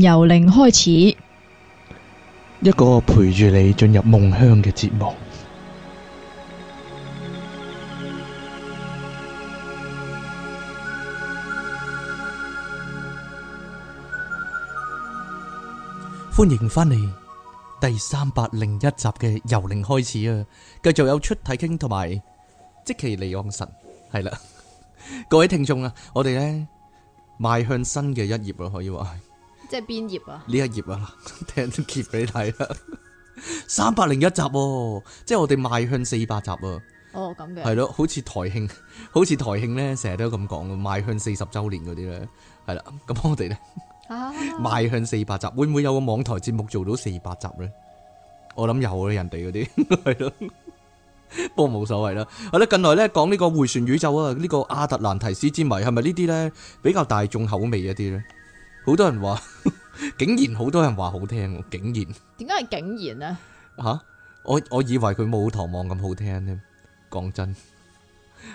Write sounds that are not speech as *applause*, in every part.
由零開始，一個陪住你進入夢鄉嘅節目。歡迎翻嚟第三百零一集嘅《由零開始》啊！繼續有出體傾同埋即其離岸神係啦，各位聽眾啊，我哋呢邁向新嘅一頁咯，可以話。即係邊頁啊？呢一頁啊，聽 p 俾你睇啦，三百零一集，即係我哋邁向四百集啊！啊、哦，咁嘅係咯，好似台慶，好似台慶咧，成日都咁講，邁向四十周年嗰啲咧，係啦。咁我哋咧，啊，邁向四百集會唔會有個網台節目做到四百集咧？我諗有啊，人哋嗰啲係咯，不過冇所謂啦。係啦，近來咧講呢個《回旋宇宙》啊，呢個《亞特蘭提斯之謎》，係咪呢啲咧比較大眾口味一啲咧？好多人話， *laughs* 竟然好多人話好聽喎。竟然點解係竟然呢？吓、啊？我我以為佢冇唐望咁好聽呢。講真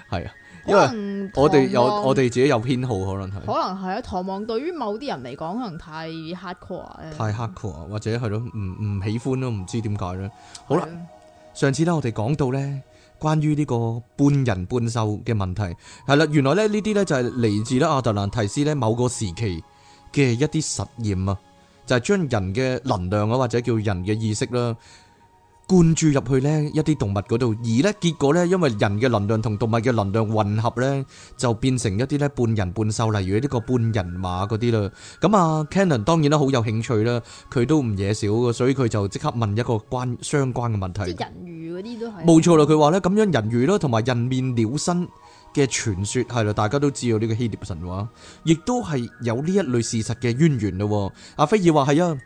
係啊，因為我哋有我哋自己有偏好，可能係可能係啊。唐望對於某啲人嚟講，可能太 hardcore 咧，太 hardcore 或者係咯，唔唔喜歡咯，唔知點解咧。好啦，的上次咧我哋講到咧關於呢個半人半獸嘅問題係啦，原來咧呢啲咧就係嚟自咧阿特蘭提斯咧某個時期。嘅一啲實驗啊，就係將人嘅能量啊，或者叫人嘅意識啦，灌注入去呢一啲動物嗰度，而呢結果呢，因為人嘅能量同動物嘅能量混合呢，就變成一啲咧半人半獸，例如呢個半人馬嗰啲啦。咁啊，Cannon 當然啦，好有興趣啦，佢都唔嘢少嘅，所以佢就即刻問一個關相關嘅問題。即係人魚啲都係。冇錯啦，佢話呢咁樣人魚啦，同埋人面鳥身。嘅傳說係啦，大家都知道呢個希臘神話，亦都係有呢一類事實嘅淵源啦。阿菲爾話係啊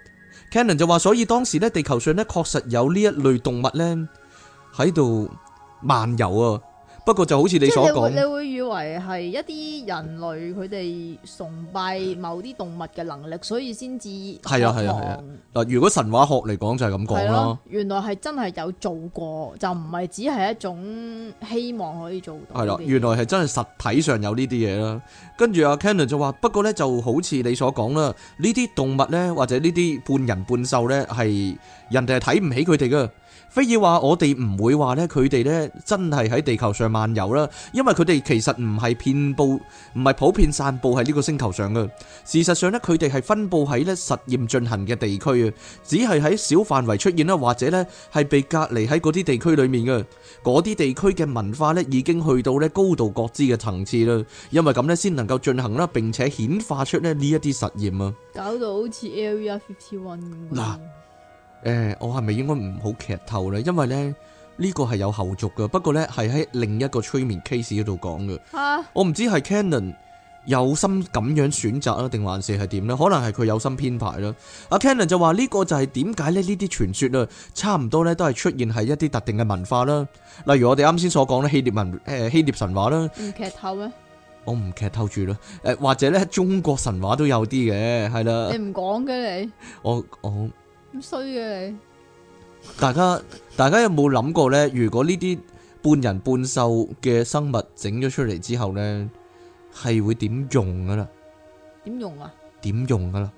，Cannon 就話，所以當時咧，地球上咧確實有呢一類動物咧喺度漫遊啊。不過就好似你所講，你會以為係一啲人類佢哋崇拜某啲動物嘅能力，所以先至係啊係啊嗱、啊。如果神話學嚟講就係咁講咯，原來係真係有做過，就唔係只係一種希望可以做到。係啦、啊，原來係真係實體上有呢啲嘢啦。跟住阿 Kenneth 就話：不過咧，就好似你所講啦，呢啲動物咧，或者呢啲半人半獸咧，係人哋係睇唔起佢哋㗎。非要話我哋唔會話呢，佢哋呢真係喺地球上漫遊啦，因為佢哋其實唔係遍布，唔係普遍散布喺呢個星球上嘅。事實上呢，佢哋係分布喺呢實驗進行嘅地區啊，只係喺小範圍出現啦，或者呢係被隔離喺嗰啲地區裏面嘅。嗰啲地區嘅文化呢已經去到咧高度各自嘅層次啦，因為咁呢先能夠進行啦，並且顯化出咧呢一啲實驗啊，搞到好似 Area Fifty 誒、呃，我係咪應該唔好劇透咧？因為咧，呢、這個係有後續噶。不過咧，係喺另一個催眠 case 嗰度講嘅。嚇哈！我唔知係 Canon 有心咁樣選擇啊，定還是係點咧？可能係佢有心編排啦。阿、啊、Canon 就話呢個就係點解咧？呢啲傳說啊，差唔多咧都係出現係一啲特定嘅文化啦。例如我哋啱先所講咧，希臘文，誒希臘神話啦。唔劇透咩？我唔劇透住啦。誒、呃，或者咧中國神話都有啲嘅，係啦。你唔講嘅你？我我。咁衰嘅你，大家大家有冇諗過咧？如果呢啲半人半獸嘅生物整咗出嚟之後咧，係會點用噶啦？點用啊？點用噶啦？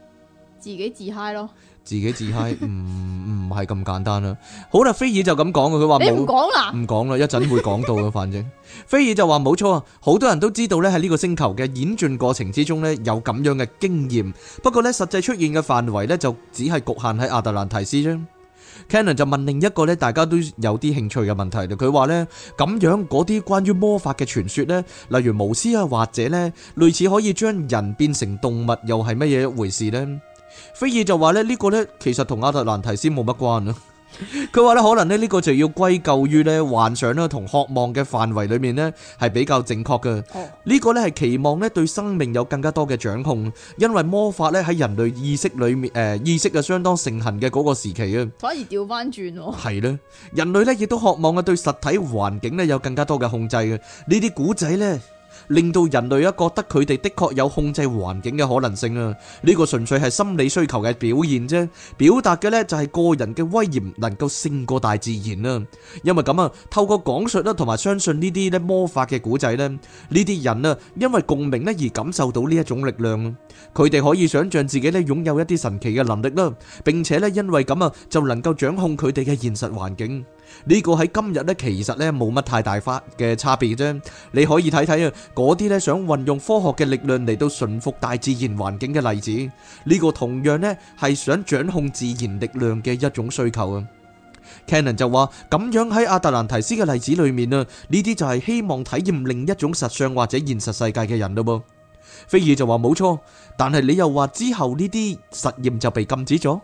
自己自嗨咯。自己自嗨唔唔係咁簡單啦。好啦，菲爾就咁講嘅，佢話冇唔講啦，唔講啦，一陣會講到嘅。反正菲爾就話冇錯啊，好多人都知道咧，喺呢個星球嘅演進過程之中咧有咁樣嘅經驗，不過咧實際出現嘅範圍咧就只係局限喺阿特蘭提斯啫。Cannon 就問另一個咧大家都有啲興趣嘅問題嘅，佢話咧咁樣嗰啲關於魔法嘅傳說咧，例如巫師啊或者咧類似可以將人變成動物又係乜嘢一回事呢？菲爾就話咧呢個咧其實同阿特蘭堤斯冇乜關啊，佢話咧可能咧呢個就要歸咎於咧幻想咧同渴望嘅範圍裏面咧係比較正確嘅，呢個咧係期望咧對生命有更加多嘅掌控，因為魔法咧喺人類意識裏面誒意識啊相當盛行嘅嗰個時期啊，反而掉返轉係啦，人類咧亦都渴望啊對實體環境咧有更加多嘅控制嘅呢啲古仔咧。令到人類啊覺得佢哋的確有控制環境嘅可能性啊，呢個純粹係心理需求嘅表現啫，表達嘅呢就係個人嘅威嚴能夠勝過大自然啊。因為咁啊，透過講述啦同埋相信呢啲咧魔法嘅古仔呢，呢啲人啊因為共鳴呢而感受到呢一種力量，佢哋可以想象自己呢擁有一啲神奇嘅能力啦，並且呢因為咁啊就能夠掌控佢哋嘅現實環境。呢個喺今日呢，其實呢冇乜太大發嘅差別啫。你可以睇睇啊，嗰啲呢想運用科學嘅力量嚟到馴服大自然環境嘅例子，呢個同樣呢係想掌控自然力量嘅一種需求啊。Canon 就話，咁樣喺阿特蘭堤斯嘅例子裏面啊，呢啲就係希望體驗另一種實相或者現實世界嘅人咯噃。菲爾就話冇錯，但係你又話之後呢啲實驗就被禁止咗。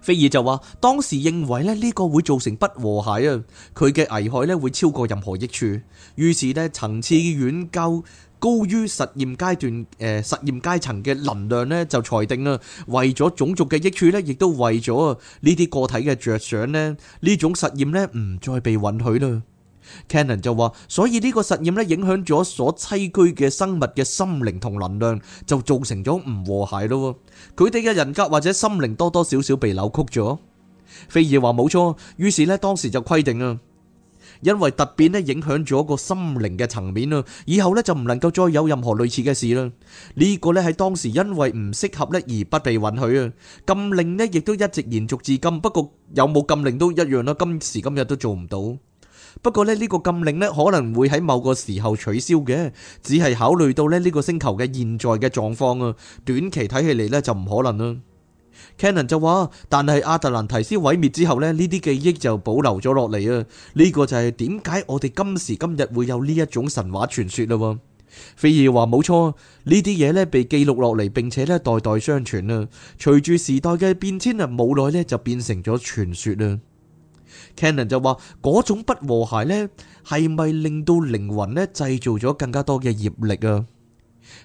菲爾就話，當時認為咧呢個會造成不和諧啊，佢嘅危害咧會超過任何益處，於是呢層次遠較高於實驗階段誒、呃、實驗階層嘅能量呢就裁定啊，為咗種族嘅益處咧，亦都為咗呢啲個體嘅着想咧，呢種實驗呢唔再被允許啦。Cannon 就話，所以呢個實驗咧影響咗所棲居嘅生物嘅心靈同能量，就造成咗唔和諧咯。佢哋嘅人格或者心靈多多少少被扭曲咗。菲爾話冇錯，於是咧當時就規定啊，因為突變咧影響咗個心靈嘅層面啊，以後咧就唔能夠再有任何類似嘅事啦。呢個咧係當時因為唔適合咧而不被允許啊，禁令咧亦都一直延續至今。不過有冇禁令都一樣啦，今時今日都做唔到。不過咧，呢個禁令咧可能會喺某個時候取消嘅，只係考慮到咧呢個星球嘅現在嘅狀況啊，短期睇起嚟呢就唔可能啦。Cannon 就話，但係阿特蘭提斯毀滅之後呢，呢啲記憶就保留咗落嚟啊，呢個就係點解我哋今時今日會有呢一種神話傳說啦。菲爾話冇錯，呢啲嘢呢被記錄落嚟，並且呢代代相傳啊。隨住時代嘅變遷啊，冇耐呢就變成咗傳說啦。Cannon 就話：嗰種不和諧呢，係咪令到靈魂呢製造咗更加多嘅業力啊？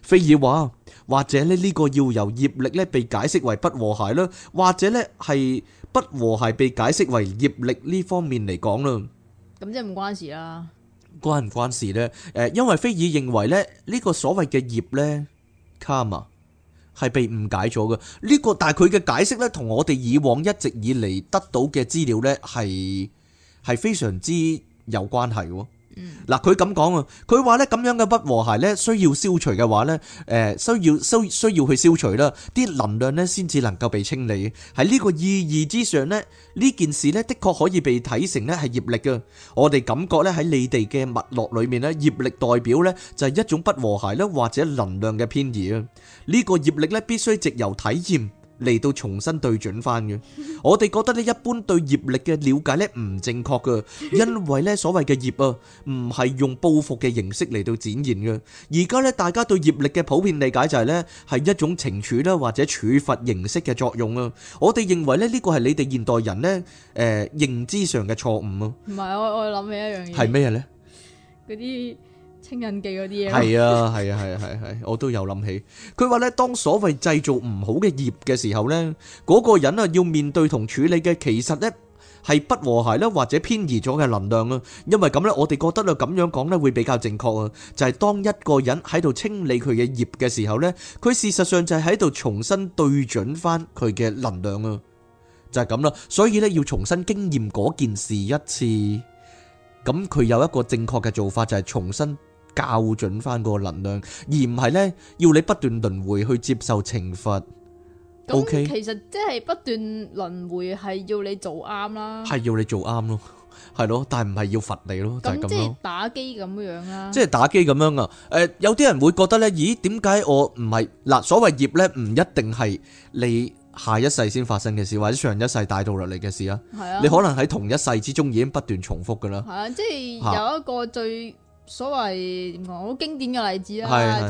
菲爾話：或者呢呢個要由業力呢被解釋為不和諧啦，或者呢係不和諧被解釋為業力呢方面嚟講啦。咁即係唔關事啦。關唔關事呢？誒，因為菲爾認為呢，呢個所謂嘅業呢，卡嘛。係被誤解咗嘅呢個，但係佢嘅解釋咧，同我哋以往一直以嚟得到嘅資料咧，係係非常之有關係嘅喎。嗱，佢咁講啊，佢話咧咁樣嘅不和諧咧，需要消除嘅話咧，誒需要需需要去消除啦，啲能量咧先至能夠被清理。喺呢個意義之上咧，呢件事咧的確可以被睇成咧係業力嘅。我哋感覺咧喺你哋嘅脈絡裏面咧，業力代表咧就係一種不和諧啦，或者能量嘅偏移啊。呢個業力咧必須藉由體驗。嚟到重新對準翻嘅，我哋覺得呢一般對業力嘅瞭解呢唔正確㗎，因為呢所謂嘅業啊，唔係用報復嘅形式嚟到展現嘅。而家呢大家對業力嘅普遍理解就係呢係一種懲處啦或者處罰形式嘅作用啊。我哋認為呢呢個係你哋現代人呢誒認知上嘅錯誤啊。唔係，我我諗起一樣嘢。係咩呢？嗰啲。清印記嗰啲嘢咯，係啊係啊係啊係係，我都有諗起。佢話咧，當所謂製造唔好嘅業嘅時候咧，嗰個人啊要面對同處理嘅，其實咧係不和諧啦，或者偏移咗嘅能量啊。因為咁咧，我哋覺得啊，咁樣講咧會比較正確啊。就係當一個人喺度清理佢嘅業嘅時候咧，佢事實上就係喺度重新對準翻佢嘅能量啊。就係咁啦，所以咧要重新經驗嗰件事一次。咁佢有一個正確嘅做法就係重新。校準翻嗰個能量，而唔係咧要你不斷輪回去接受懲罰。咁其實即係不斷輪回係要你做啱啦，係要你做啱咯，係咯，但係唔係要罰你咯。咁即係打機咁樣啊，即係打機咁樣啊。誒，有啲人會覺得咧，咦？點解我唔係嗱？所謂業咧，唔一定係你下一世先發生嘅事，或者上一世帶到落嚟嘅事啊。係啊，你可能喺同一世之中已經不斷重複噶啦。係啊，即係有一個最。所謂好經典嘅例子啦，啊，係係係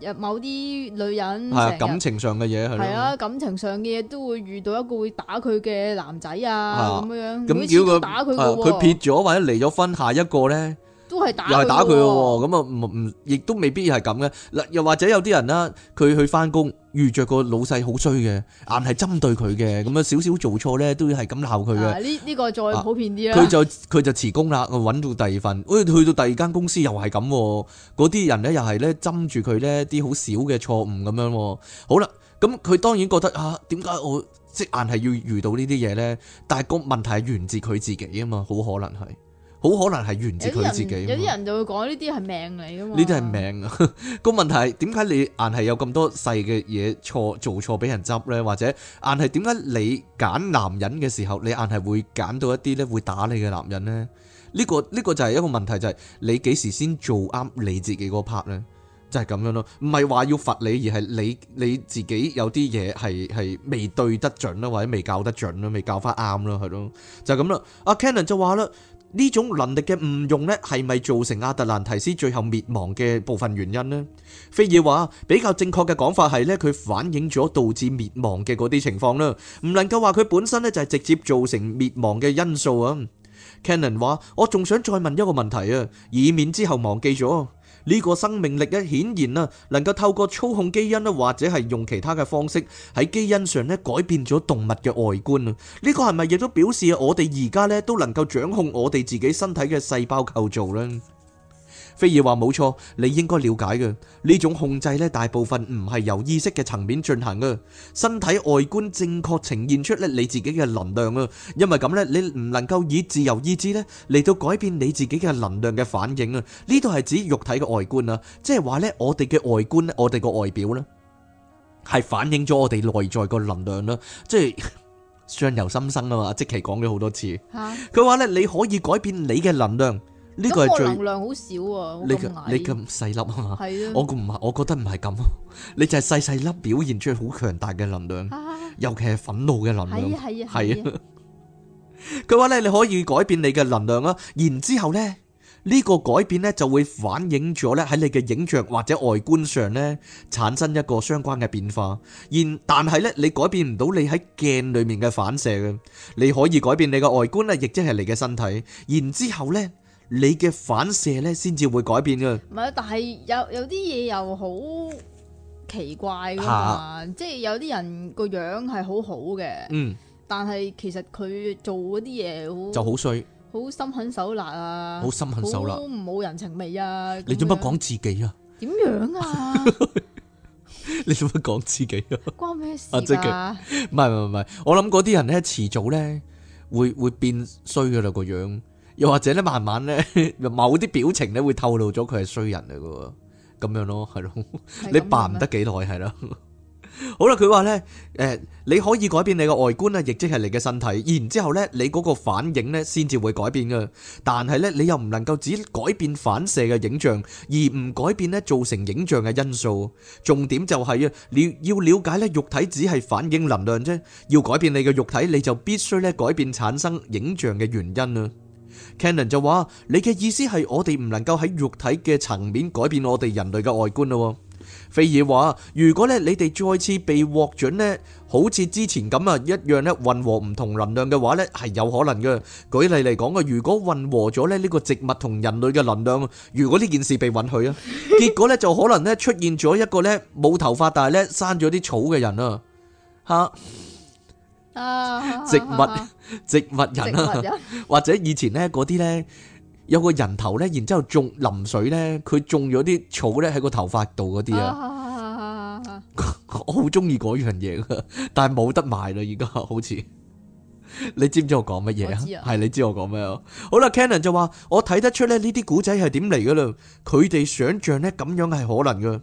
即係某啲女人係感情上嘅嘢，係啊，感情上嘅嘢都會遇到一個會打佢嘅男仔啊，咁的樣，咁如果佢佢撇咗或者離咗婚，下一個咧。又係打佢咯，咁啊唔唔，亦都未必要係咁嘅。嗱，又或者有啲人啦，佢去翻工遇着個老細好衰嘅，硬係針對佢嘅，咁啊 *laughs* 少少做錯咧，都要係咁鬧佢嘅。呢、呢、呢個再普遍啲啦。佢、啊、就佢就辭工啦，我搵到第二份，去去到第二間公司又係咁，嗰啲人咧又係咧針住佢咧啲好少嘅錯誤咁樣。好啦，咁佢當然覺得啊，點解我即硬係要遇到呢啲嘢咧？但係個問題係源自佢自己啊嘛，好可能係。好可能係源自佢自己，有啲人，人就會講呢啲係命嚟噶嘛。呢啲係命個、啊、 *laughs* 問題，點解你硬係有咁多細嘅嘢錯做錯俾人執咧？或者硬係點解你揀男人嘅時候，你硬係會揀到一啲咧會打你嘅男人咧？呢、這個呢、這個就係一個問題，就係、是、你幾時先做啱你自己嗰 part 咧？就係、是、咁樣咯，唔係話要罰你，而係你你自己有啲嘢係係未對得準咯，或者未教得準咯，未教翻啱咯，係咯，就咁、是、啦。阿、啊、Canon 就話啦。呢種能力嘅誤用呢，係咪造成阿特蘭堤斯最後滅亡嘅部分原因呢？菲爾話比較正確嘅講法係呢，佢反映咗導致滅亡嘅嗰啲情況啦，唔能夠話佢本身呢，就係直接造成滅亡嘅因素啊。Cannon 話：我仲想再問一個問題啊，以免之後忘記咗。呢個生命力咧，顯然啦，能夠透過操控基因咧，或者係用其他嘅方式喺基因上咧改變咗動物嘅外觀啊！呢個係咪亦都表示我哋而家咧都能夠掌控我哋自己身體嘅細胞構造呢？菲爾話：冇錯，你應該了解嘅呢種控制咧，大部分唔係由意識嘅層面進行嘅。身體外觀正確呈現出咧你自己嘅能量啊，因為咁咧，你唔能夠以自由意志咧嚟到改變你自己嘅能量嘅反應啊。呢度係指肉體嘅外觀啊，即係話咧，我哋嘅外觀咧，我哋個外表咧，係反映咗我哋內在個能量啦。即係相由心生啊嘛，即其講咗好多次。佢話咧，你可以改變你嘅能量。呢個係最能量好少啊！你咁細粒係嘛？我咁唔係，我覺得唔係咁。你就係細細粒表現出好強大嘅能量，尤其係憤怒嘅能量。係啊係啊係啊！佢話咧，你可以改變你嘅能量啊，然之後咧呢個改變咧就會反映咗咧喺你嘅影像或者外觀上咧產生一個相關嘅變化。然但係咧，你改變唔到你喺鏡裏面嘅反射嘅。你可以改變你嘅外觀咧，亦即係你嘅身體。然之後咧，你嘅反射咧，先至會改變嘅。唔係，但係有有啲嘢又好奇怪噶嘛、啊、即係有啲人個樣係好好嘅，嗯，但係其實佢做嗰啲嘢就好衰，好心狠手辣啊，好心狠手辣，都冇人情味啊。你做乜講自己啊？點樣啊？ *laughs* 你做乜講自己啊？關咩事啊？唔係唔係唔係，我諗嗰啲人咧遲早咧會會變衰噶啦個樣。又或者咧，慢慢咧，某啲表情咧會透露咗佢係衰人嚟嘅，咁樣咯，係咯，你扮唔得幾耐，係咯。好啦，佢話咧，誒，你可以改變你嘅外觀啊，亦即係你嘅身體，然之後咧，你嗰個反應咧先至會改變嘅。但係咧，你又唔能夠只改變反射嘅影像，而唔改變咧造成影像嘅因素。重點就係啊，你要了解咧，肉體只係反映能量啫。要改變你嘅肉體，你就必須咧改變產生影像嘅原因啊。Cannon 就話：你嘅意思係我哋唔能夠喺肉體嘅層面改變我哋人類嘅外觀咯。菲爾話：如果咧你哋再次被獲准咧，好似之前咁啊一樣咧，混合唔同能量嘅話咧，係有可能嘅。舉例嚟講啊，如果混合咗咧呢個植物同人類嘅能量，如果呢件事被允許啊，結果咧就可能咧出現咗一個咧冇頭髮但係咧生咗啲草嘅人啊，嚇！植物植物人啊，人或者以前咧嗰啲咧，有個人頭咧，然之後種淋水咧，佢種咗啲草咧喺個頭髮度嗰啲啊，我好中意嗰樣嘢噶，但係冇得賣啦，而家好似，你知唔知我講乜嘢啊？係你知我講咩啊？好啦，Cannon 就話，我睇得出咧呢啲古仔係點嚟噶啦，佢哋想象咧咁樣係可能噶。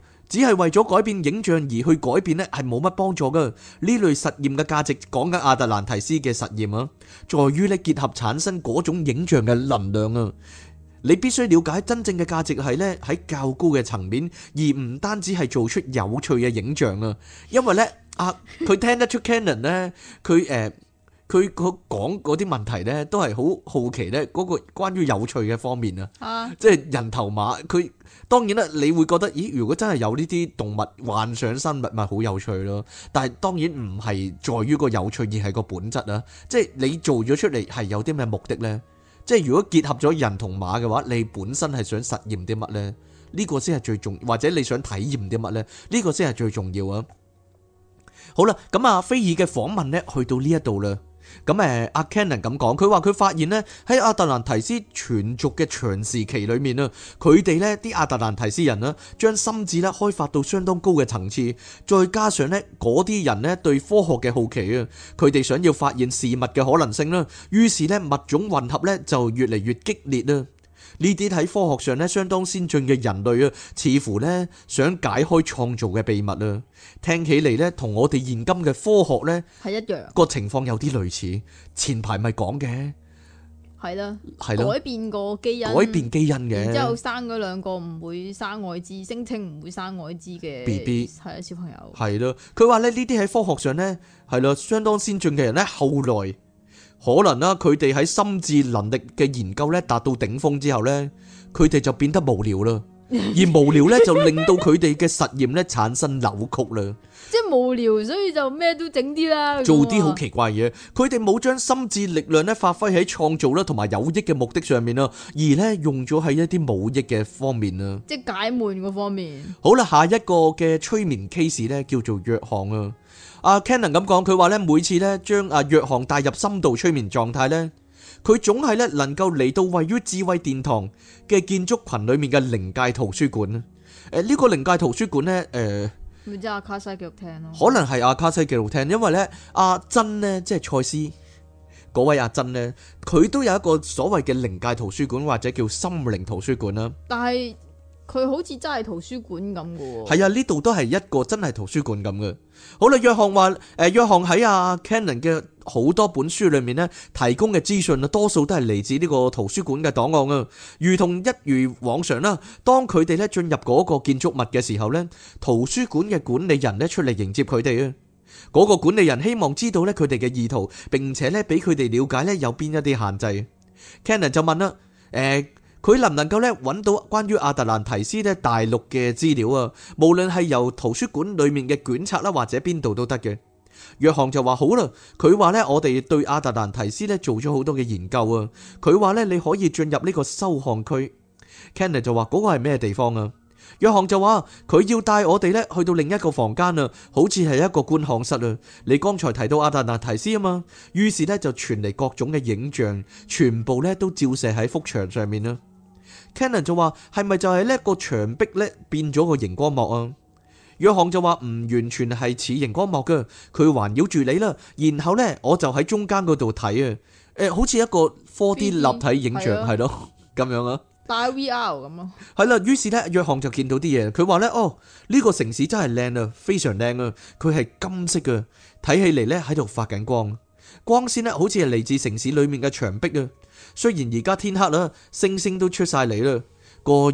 只係為咗改變影像而去改變呢，係冇乜幫助㗎。呢類實驗嘅價值講緊阿特蘭堤斯嘅實驗啊，在於呢結合產生嗰種影像嘅能量啊。你必須了解真正嘅價值係呢喺較高嘅層面，而唔單止係做出有趣嘅影像啊。因為呢啊，佢聽得出 Canon 呢，佢誒。佢佢講嗰啲問題呢，都係好好奇呢嗰個關於有趣嘅方面啊，即係人頭馬。佢當然啦，你會覺得咦？如果真係有呢啲動物幻想生物，咪好有趣咯。但係當然唔係在於個有趣，而係個本質啊。即係你做咗出嚟係有啲咩目的呢？即係如果結合咗人同馬嘅話，你本身係想實驗啲乜呢？呢個先係最重要，或者你想體驗啲乜呢？呢個先係最重要啊！好啦，咁啊，菲爾嘅訪問呢，去到呢一度啦。咁誒，阿 Cannon 咁講，佢話佢發現呢，喺阿特蘭提斯全族嘅長時期裏面啊，佢哋呢啲阿特蘭提斯人啦，將心智咧開發到相當高嘅層次，再加上呢嗰啲人咧對科學嘅好奇啊，佢哋想要發現事物嘅可能性啦，於是呢物種混合呢就越嚟越激烈啊。呢啲喺科學上咧相當先進嘅人類啊，似乎咧想解開創造嘅秘密啊，聽起嚟咧同我哋現今嘅科學呢係一樣個情況有啲類似。前排咪講嘅係啦，係改變個基因，改變基因嘅，然之後生嗰兩個唔會生愛滋，聲稱唔會生愛滋嘅 B B 係啊，小朋友係啦，佢話咧呢啲喺科學上呢，係啦相當先進嘅人呢，後來。可能啦，佢哋喺心智能力嘅研究咧達到頂峰之後咧，佢哋就變得無聊啦。而無聊咧就令到佢哋嘅實驗咧產生扭曲啦。即係無聊，所以就咩都整啲啦。做啲好奇怪嘢，佢哋冇將心智力量咧發揮喺創造啦同埋有益嘅目的上面啦，而咧用咗喺一啲冇益嘅方面啦。即係解悶嗰方面。好啦，下一個嘅催眠 case 咧叫做約項啊。阿 Canon 咁講，佢話咧每次咧將阿若航帶入深度催眠狀態咧，佢總係咧能夠嚟到位於智慧殿堂嘅建築群裡面嘅靈界圖書館啊！呢、呃呢個靈界圖書館咧誒，唔、呃、知阿卡西記錄聽咯，可能係阿卡西記錄聽，因為咧阿珍呢，即係賽斯嗰位阿珍呢，佢都有一個所謂嘅靈界圖書館或者叫心靈圖書館啦。但係，佢好似真係圖書館咁嘅喎，係啊！呢度都係一個真係圖書館咁嘅。好啦，約翰話：誒約翰喺阿 Cannon 嘅好多本書裏面呢，提供嘅資訊啊，多數都係嚟自呢個圖書館嘅檔案啊，如同一如往常啦。當佢哋呢進入嗰個建築物嘅時候呢，圖書館嘅管理人呢出嚟迎接佢哋啊。嗰、嗰個管理人希望知道呢，佢哋嘅意圖，並且呢，俾佢哋了解呢有邊一啲限制。Cannon 就問啦：誒、欸？佢能唔能夠咧揾到關於阿特蘭堤斯咧大陸嘅資料啊？無論係由圖書館裡面嘅卷冊啦，或者邊度都得嘅。約翰就話好啦，佢話咧我哋對阿特蘭堤斯咧做咗好多嘅研究啊。佢話咧你可以進入呢個收看區。Kenner 就話嗰個係咩地方啊？約翰就話佢要帶我哋咧去到另一個房間啊，好似係一個觀看室啊。你剛才提到阿特蘭堤斯啊嘛，於是咧就傳嚟各種嘅影像，全部咧都照射喺幅牆上面啦。Canon 就話：係咪就係呢一個牆壁咧變咗個熒光幕啊？約翰就話唔完全係似熒光幕嘅，佢環繞住你啦。然後呢，我就喺中間嗰度睇啊，誒、呃，好似一個 4D 立體影像係咯咁樣啊。戴 VR 咁咯。係啦，於是呢，約翰就見到啲嘢。佢話呢：「哦，呢、這個城市真係靚啊，非常靚啊，佢係金色嘅，睇起嚟呢，喺度發緊光，光線呢，好似係嚟自城市裡面嘅牆壁啊。雖然而家天黑啦，星星都出晒嚟啦，個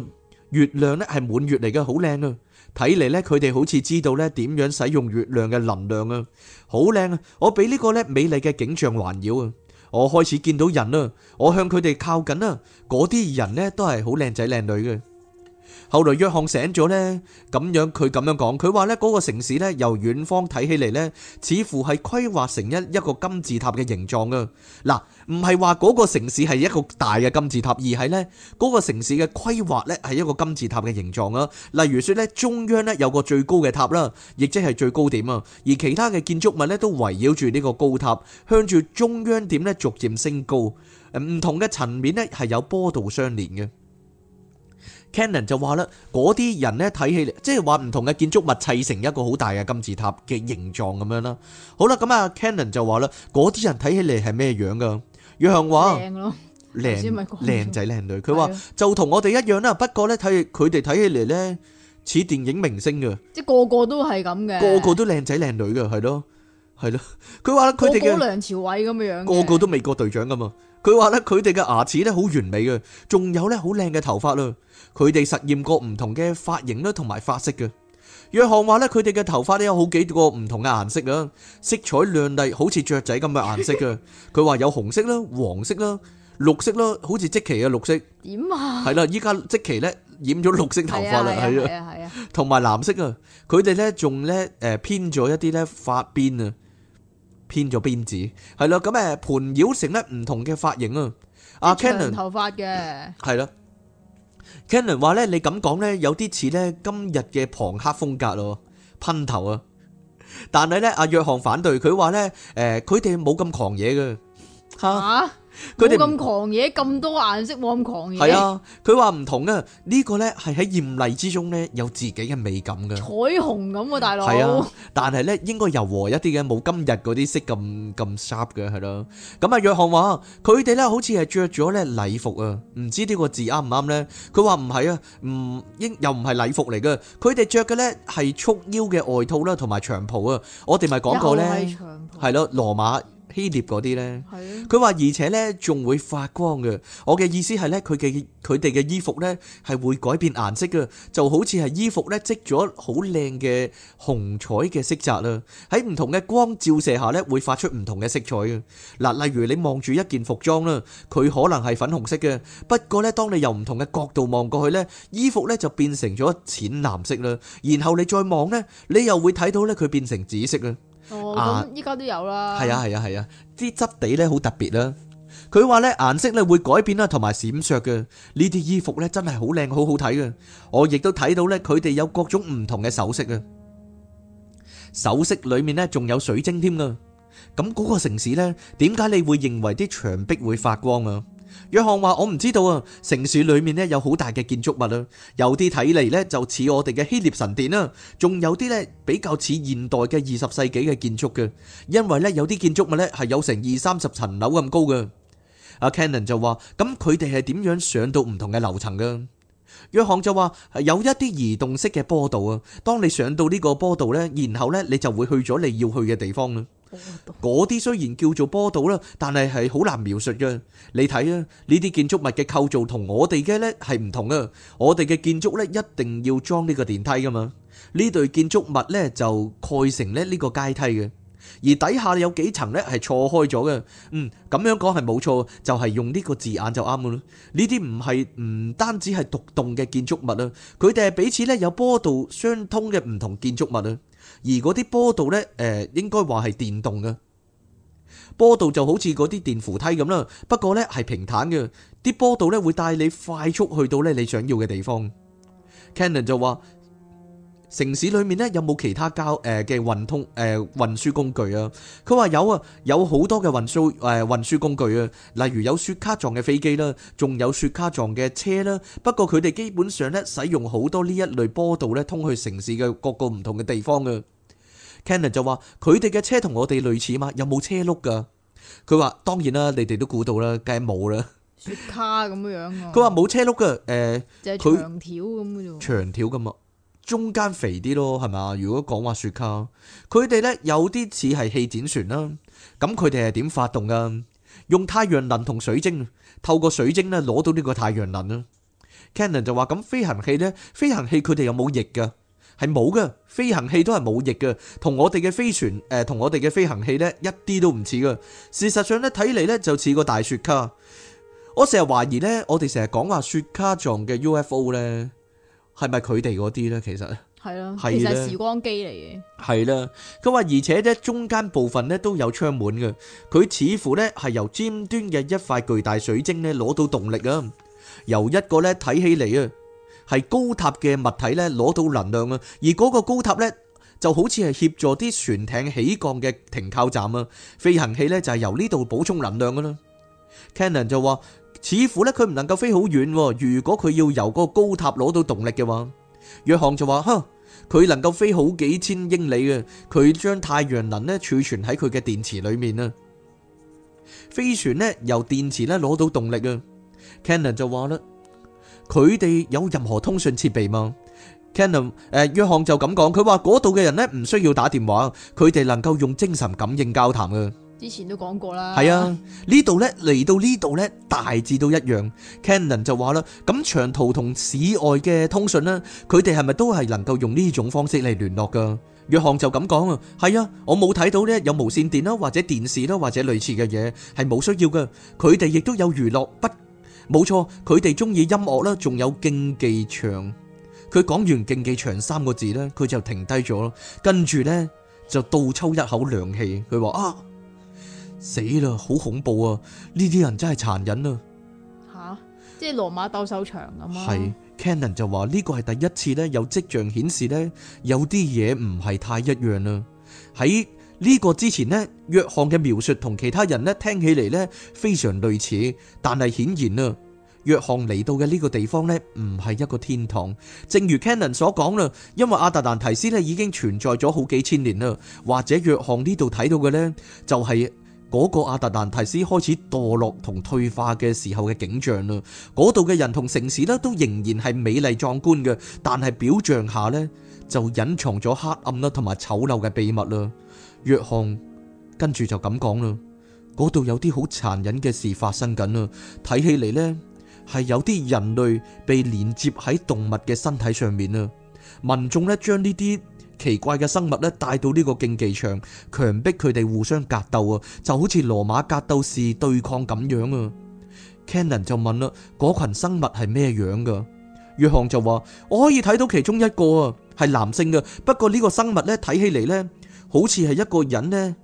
月亮咧係滿月嚟嘅，好靚啊！睇嚟咧，佢哋好似知道咧點樣使用月亮嘅能量啊，好靚啊！我俾呢個咧美麗嘅景象環繞啊，我開始見到人啊！我向佢哋靠近啊！嗰啲人咧都係好靚仔靚女嘅。後來約翰醒咗咧，咁樣佢咁樣講，佢話咧嗰個城市咧由遠方睇起嚟咧，似乎係規劃成一一個金字塔嘅形狀啊！嗱，唔係話嗰個城市係一個大嘅金字塔，而係咧嗰個城市嘅規劃咧係一個金字塔嘅形狀啊！例如說咧中央咧有個最高嘅塔啦，亦即係最高點啊，而其他嘅建築物咧都圍繞住呢個高塔，向住中央點咧逐漸升高，唔同嘅層面咧係有波度相連嘅。Cannon 就話啦，嗰啲人咧睇起嚟，即係話唔同嘅建築物砌成一個好大嘅金字塔嘅形狀咁樣啦。好啦，咁啊，Cannon 就話啦，嗰啲人睇起嚟係咩樣噶？楊話靚咯，靚靚仔靚女。佢話就同我哋一樣啦，不過咧睇佢哋睇起嚟咧似電影明星嘅，即係個個都係咁嘅，個個都靚仔靚女嘅，係咯，係咯。佢話佢哋個梁朝偉咁嘅樣，個個都美國隊長咁啊。佢話咧，佢哋嘅牙齒咧好完美嘅，仲有咧好靚嘅頭髮啦。佢哋實驗過唔同嘅髮型啦，同埋髮色嘅。約翰話咧，佢哋嘅頭髮咧有好幾個唔同嘅顏色啊，色彩亮麗，好似雀仔咁嘅顏色嘅。佢話有紅色啦、黃色啦、綠色啦，好似積奇嘅綠色。點啊？係啦，依家積奇咧染咗綠色頭髮啦，係啊，係啊，同埋藍色啊。佢哋咧仲咧誒編咗一啲咧髮辮啊。編咗辮子，係咯，咁誒盤繞成咧唔同嘅髮型啊。阿 Kenan 長頭髮嘅，係咯。Kenan 話咧，你咁講咧，有啲似咧今日嘅龐克風格咯，噴頭啊。但係咧，阿約翰反對，佢話咧，誒，佢哋冇咁狂野嘅。嚇？佢哋咁狂野，咁多顏色冇咁狂野。係啊，佢話唔同嘅，呢、這個咧係喺艷麗之中咧有自己嘅美感嘅，彩虹咁啊，大佬。係啊，但係咧應該柔和一啲嘅，冇今日嗰啲色咁咁 sharp 嘅係咯。咁 *laughs* 啊，約翰話佢哋咧好似係着咗咧禮服對對啊，唔、嗯、知呢個字啱唔啱咧？佢話唔係啊，唔應又唔係禮服嚟㗎，佢哋着嘅咧係束腰嘅外套啦，同埋長袍啊。我哋咪講過咧，係咯，羅馬。希臘嗰啲呢，佢話的而且呢仲會發光嘅。我嘅意思係呢，佢嘅佢哋嘅衣服呢係會改變顏色嘅，就好似係衣服呢織咗好靚嘅紅彩嘅色澤啦。喺唔同嘅光照射下呢，會發出唔同嘅色彩嘅。嗱，例如你望住一件服裝啦，佢可能係粉紅色嘅，不過呢，當你由唔同嘅角度望過去呢，衣服呢就變成咗淺藍色啦。然後你再望呢，你又會睇到呢，佢變成紫色啦。哦，咁依家都有啦。係啊係啊係啊，啲質地咧好特別啦。佢話咧顏色咧會改變啦，同埋閃爍嘅。呢啲衣服咧真係好靚，好好睇嘅。我亦都睇到咧，佢哋有各種唔同嘅首飾啊。首飾裏面咧仲有水晶添噶。咁嗰個城市咧，點解你會認為啲牆壁會發光啊？約翰話：我唔知道啊，城市裏面咧有好大嘅建築物啊，有啲睇嚟咧就似我哋嘅希臘神殿啊，仲有啲咧比較似現代嘅二十世紀嘅建築嘅，因為咧有啲建築物咧係有成二三十層樓咁高嘅。阿 Cannon 就話：咁佢哋係點樣上到唔同嘅樓層噶？約翰就話：有一啲移動式嘅波道啊，當你上到呢個波道咧，然後咧你就會去咗你要去嘅地方啦。嗰啲雖然叫做波道啦，但係係好難描述嘅。你睇啊，呢啲建築物嘅構造同我哋嘅呢係唔同啊。我哋嘅建築呢一定要裝呢個電梯噶嘛。呢對建築物呢就蓋成呢呢個階梯嘅，而底下有幾層呢係錯開咗嘅。嗯，咁樣講係冇錯，就係用呢個字眼就啱嘅咯。呢啲唔係唔單止係獨棟嘅建築物啊，佢哋係彼此呢有波道相通嘅唔同建築物啊。而嗰啲波道呢，誒、呃、應該話係電動嘅，波道就好似嗰啲電扶梯咁啦。不過呢係平坦嘅，啲波道呢會帶你快速去到呢你想要嘅地方。Cannon 就話。城市裡面呢有冇其他交誒嘅運通誒運輸工具啊？佢話有啊，有好多嘅運輸誒運輸工具啊，例如有雪茄狀嘅飛機啦，仲有雪茄狀嘅車啦。不過佢哋基本上呢使用好多呢一類波道呢通去城市嘅各個唔同嘅地方嘅。Cannon 就話：佢哋嘅車同我哋類似啊嘛，有冇車轆噶？佢話當然啦，你哋都估到啦，梗係冇啦。雪茄咁樣啊？佢話冇車轆噶誒，就長條咁嘅啫喎。長條咁啊。中間肥啲咯，係咪？如果講話雪卡，佢哋咧有啲似係氣展船啦。咁佢哋係點發動噶？用太陽能同水晶，透過水晶咧攞到呢個太陽能啊。Cannon 就話：咁飛行器咧，飛行器佢哋有冇翼噶？係冇噶，飛行器都係冇翼噶，同我哋嘅飛船誒，同我哋嘅飛行器咧一啲都唔似噶。事實上咧，睇嚟咧就似個大雪卡。我成日懷疑咧，我哋成日講話雪卡狀嘅 UFO 咧。係咪佢哋嗰啲呢？的的其實係啦，其實係時光機嚟嘅。係啦，佢話而且呢，中間部分呢都有窗門嘅。佢似乎呢係由尖端嘅一塊巨大水晶呢攞到動力啊，由一個呢睇起嚟啊係高塔嘅物體呢攞到能量啊，而嗰個高塔呢，就好似係協助啲船艇起降嘅停靠站啊，飛行器呢就係由呢度補充能量噶啦。Cannon 就話。似乎咧，佢唔能夠飛好遠。如果佢要由嗰個高塔攞到動力嘅話，約翰就話，哼，佢能夠飛好幾千英里啊。佢將太陽能咧儲存喺佢嘅電池裏面啊。飛船咧由電池咧攞到動力啊。Kennan 就話啦，佢哋有任何通訊設備嗎？Kennan，誒，約翰就咁講，佢話嗰度嘅人咧唔需要打電話，佢哋能夠用精神感應交談啊。之前都講過啦，係啊，呢度呢嚟到呢度呢，大致都一樣。Canon 就話啦，咁長途同市外嘅通訊呢，佢哋係咪都係能夠用呢種方式嚟聯絡㗎？約翰就咁講啊，係啊，我冇睇到呢有無線電啦，或者電視啦，或者類似嘅嘢係冇需要嘅。佢哋亦都有娛樂，不冇錯，佢哋中意音樂啦，仲有競技場。佢講完競技場三個字呢，佢就停低咗咯，跟住呢就倒抽一口涼氣，佢話啊。死啦！好恐怖啊！呢啲人真係殘忍啊！吓？即係羅馬鬥獸場啊嘛！係，Cannon 就話呢個係第一次呢，有跡象顯示呢，有啲嘢唔係太一樣啊。喺呢個之前呢，約翰嘅描述同其他人呢，聽起嚟呢，非常類似，但係顯然啊，約翰嚟到嘅呢個地方呢，唔係一個天堂。正如 Cannon 所講啦，因為阿特蘭堤斯呢已經存在咗好幾千年啦，或者約翰呢度睇到嘅呢，就係、是。嗰個阿特蘭堤斯開始墮落同退化嘅時候嘅景象啦，嗰度嘅人同城市咧都仍然係美麗壯觀嘅，但係表象下咧就隱藏咗黑暗啦同埋醜陋嘅秘密啦。約翰跟住就咁講啦，嗰度有啲好殘忍嘅事發生緊啦，睇起嚟咧係有啲人類被連接喺動物嘅身體上面啦，民眾咧將呢啲。奇怪嘅生物咧，帶到呢個競技場，強迫佢哋互相格鬥啊！就好似羅馬格鬥士對抗咁樣啊！Ken 就問啦：嗰群生物係咩樣噶？約翰就話：我可以睇到其中一個啊，係男性嘅，不過呢個生物咧，睇起嚟咧，好似係一個人咧，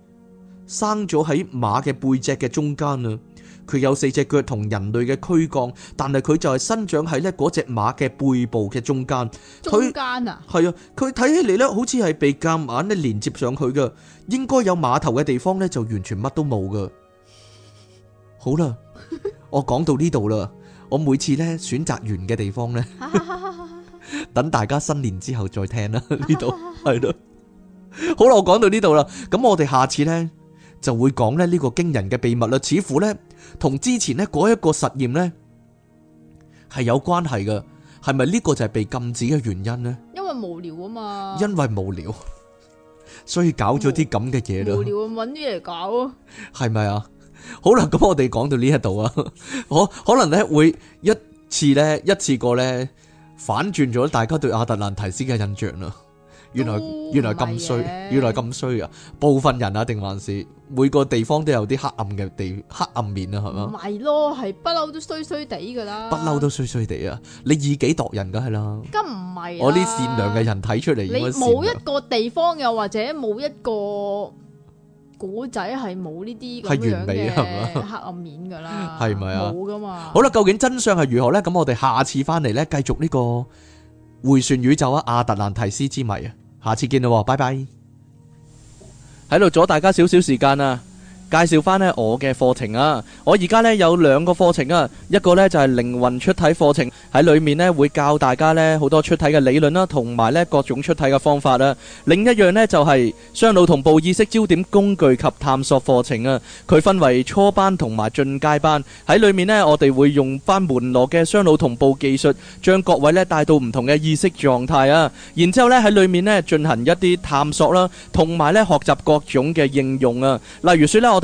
生咗喺馬嘅背脊嘅中間啊！佢有四隻腳同人類嘅軀幹，但係佢就係生長喺咧嗰隻馬嘅背部嘅中間。中間啊，係啊，佢睇起嚟咧，好似係被夾硬咧連接上去嘅。應該有馬頭嘅地方咧，就完全乜都冇㗎。好啦，我講到呢度啦。我每次咧選擇完嘅地方咧，等大家新年之後再聽啦。呢度係咯，好啦，我講到呢度啦。咁我哋下次咧就會講咧呢個驚人嘅秘密啦。似乎咧，同之前咧嗰一個實驗咧係有關係嘅，係咪呢個就係被禁止嘅原因咧？因為無聊啊嘛，因為無聊，所以搞咗啲咁嘅嘢咯。無聊啊，搵啲嚟搞啊，係咪啊？好啦，咁我哋講到呢一度啊，我可能咧會一次咧一次過咧反轉咗大家對阿特蘭提斯嘅印象啦。原來原來咁衰，原來咁衰啊！部分人啊，定還是每個地方都有啲黑暗嘅地黑暗面啊，係咪啊？唔係咯，係不嬲都衰衰地噶啦！不嬲都衰衰地啊！你以己度人噶係啦，咁唔係我啲善良嘅人睇出嚟，你冇一個地方又或者冇一個古仔係冇呢啲咁樣嘅係完美啊，係咪？黑暗面噶啦，係咪啊？冇噶嘛！好啦，究竟真相係如何咧？咁我哋下次翻嚟咧，繼續呢個回旋宇宙啊，阿特蘭堤斯之謎啊！下次見喇喎，拜拜！喺度阻大家少少時間啊。介紹翻呢我嘅課程啊，我而家呢有兩個課程啊，一個呢就係靈魂出體課程，喺裏面呢會教大家呢好多出體嘅理論啦，同埋呢各種出體嘅方法啊。另一樣呢就係雙腦同步意識焦點工具及探索課程啊，佢分為初班同埋進階班，喺裏面呢我哋會用翻門羅嘅雙腦同步技術，將各位呢帶到唔同嘅意識狀態啊，然之後呢喺裏面呢進行一啲探索啦，同埋呢學習各種嘅應用啊，例如說呢我。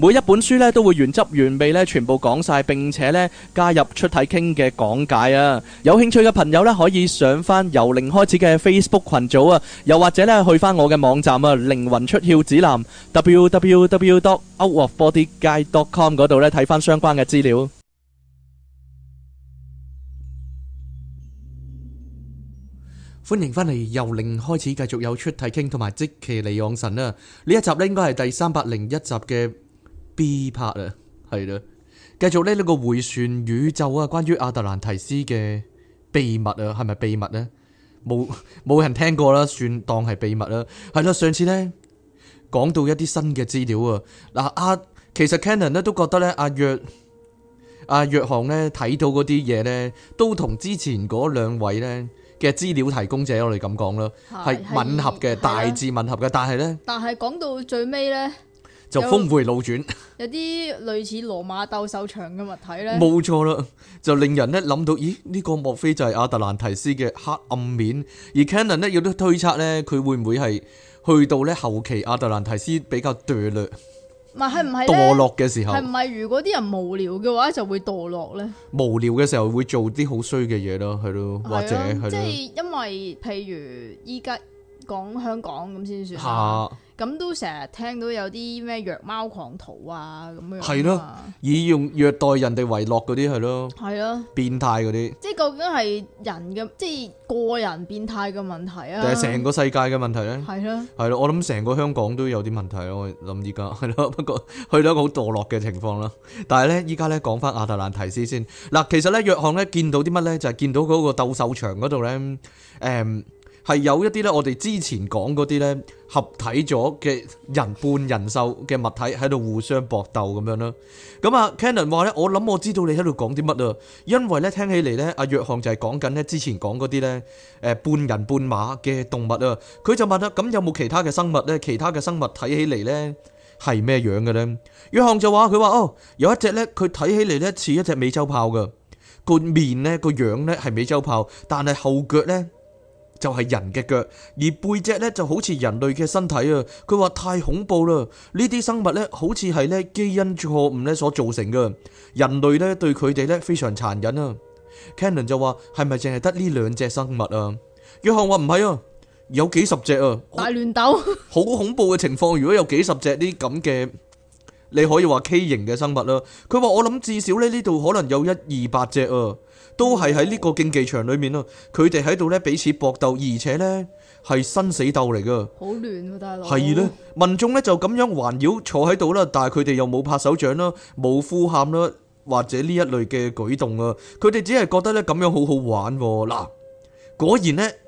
每一本書咧都會原汁原味咧全部講晒，並且咧加入出體傾嘅講解啊！有興趣嘅朋友咧可以上翻由零開始嘅 Facebook 群組啊，又或者咧去翻我嘅網站啊靈魂出竅指南 www.outofbodyguide.com 嗰度咧睇翻相關嘅資料。歡迎翻嚟由零開始，繼續有出體傾同埋即期離往神啊！呢一集咧應該係第三百零一集嘅。B part 啊，係啦，繼續呢，呢個迴旋宇宙啊，關於阿特蘭堤斯嘅秘密啊，係咪秘密呢？冇冇人聽過啦，算當係秘密啦。係啦，上次呢講到一啲新嘅資料啊，嗱、啊、阿、啊、其實 Canon 咧都覺得、啊啊啊啊啊、呢，阿約阿約翰咧睇到嗰啲嘢呢，都同之前嗰兩位呢嘅資料提供者，我哋咁講啦，係吻合嘅，的大致吻合嘅的，但係呢，但係講到最尾呢。就峰回路轉，有啲類似羅馬鬥獸場嘅物體咧，冇錯啦，就令人咧諗到，咦？呢個莫非就係阿特蘭提斯嘅黑暗面？而 Canon 咧有啲推測咧，佢會唔會係去到咧後期阿特蘭提斯比較墮落？唔係唔係咧？墮落嘅時候係唔係？係咪如果啲人無聊嘅話，就會墮落咧？無聊嘅時候會做啲好衰嘅嘢咯，係咯，了或者即係了了因為譬如依家。講香港咁先算啦，咁、啊、都成日聽到有啲咩虐貓狂徒啊咁樣，係咯，以用虐待人哋為樂嗰啲係咯，係咯，的變態嗰啲，即係究竟係人嘅即係個人變態嘅問題啊，定係成個世界嘅問題咧？係咯的，係咯，我諗成個香港都有啲問題，我諗依家係咯，不過 *laughs* 去到一個好墮落嘅情況啦。但係咧，依家咧講翻亞特蘭提斯先，嗱，其實咧約翰咧見到啲乜咧，就係、是、見到嗰個鬥獸場嗰度咧，誒、嗯。嗯係有一啲咧，我哋之前講嗰啲咧合體咗嘅人半人獸嘅物體喺度互相搏鬥咁樣咯。咁啊，Cannon 話咧，我諗我知道你喺度講啲乜啊，因為咧聽起嚟咧，阿約翰就係講緊咧之前講嗰啲咧誒半人半馬嘅動物啊。佢就問啊，咁有冇其他嘅生物咧？其他嘅生物睇起嚟咧係咩樣嘅咧？約翰就話佢話哦，有一隻咧，佢睇起嚟咧似一隻美洲豹㗎，個面咧個樣咧係美洲豹，但係後腳咧，就係人嘅腳，而背脊咧就好似人類嘅身體啊！佢話太恐怖啦，呢啲生物咧好似係咧基因錯誤咧所造成嘅。人類咧對佢哋咧非常殘忍啊。Cannon 就話係咪淨係得呢兩隻生物啊？約翰話唔係啊，有幾十隻啊！大亂鬥，好 *laughs* 恐怖嘅情況！如果有幾十隻呢咁嘅，你可以話畸形嘅生物啦。佢話我諗至少咧呢度可能有一二百隻啊。都係喺呢個競技場裏面咯，佢哋喺度咧彼此搏鬥，而且咧係生死鬥嚟㗎。好亂喎，大佬。係咧，民眾咧就咁樣環繞坐喺度啦，但係佢哋又冇拍手掌啦，冇呼喊啦，或者呢一類嘅舉動啊，佢哋只係覺得咧咁樣好好玩。嗱，果然咧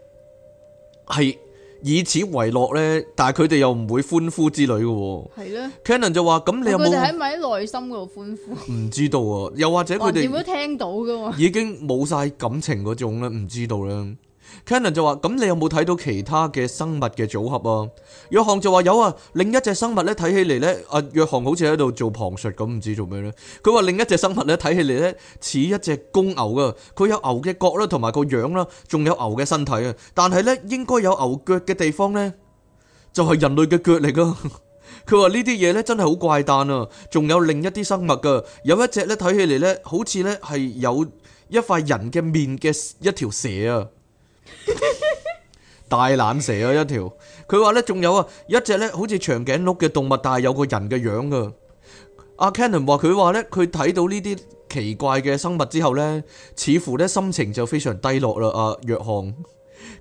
係。以此為樂咧，但係佢哋又唔會歡呼之類嘅喎。係咧，Canon 就話：咁你有冇？佢哋喺唔喺內心嗰度歡呼？唔知道啊！又或者佢哋點都聽到嘅嘛？已經冇晒感情嗰種啦，唔知道啦、啊。Canon 就話：咁你有冇睇到其他嘅生物嘅組合啊？約翰就話有啊，另一隻生物咧睇起嚟咧，啊約翰好似喺度做旁述咁，唔知做咩咧。佢話另一隻生物咧睇起嚟咧似一隻公牛啊，佢有牛嘅角啦，同埋個樣啦，仲有牛嘅身體啊，但係咧應該有牛腳嘅地方咧就係人類嘅腳嚟噶。佢話呢啲嘢咧真係好怪誕啊！仲有另一啲生物噶，有一隻咧睇起嚟咧好似咧係有一塊人嘅面嘅一條蛇啊。 *laughs* 大懶蛇啊，一條。佢話呢，仲有啊，一隻呢，好似長頸鹿嘅動物，但係有個人嘅樣噶。阿 Cannon 話佢話呢，佢睇到呢啲奇怪嘅生物之後呢，似乎呢心情，就非常低落啦。啊，約翰